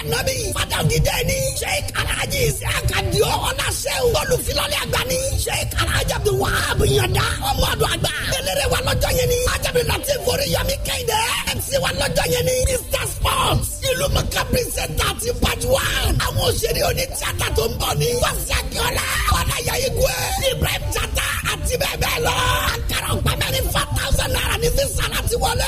ànábì fada òdìdẹ ni sheik alhaji isiaka diọ ọlásẹ́wò olùfilọ́lẹ̀ àgbà ni sheik alhaji abdul wahab yanda ọmọdù àgbà eléré wa lọ́jọ́ yẹn ni ajabi láti forí yọmi kéde mc wa lọ́jọ́ yẹn ni mr sports ìlú mọ̀ká pírísẹ́ńtà ti part one àwọn òṣèré oní tíátà tó ń bọ̀ ni wàsí akíọ́lá ọ̀nàyà igwe ibrahim tata àti bẹ́ẹ̀ bẹ́ẹ̀ lọ àkàrà ọ̀pá mẹ́rin four thousand naira ní sísan àti wọlé.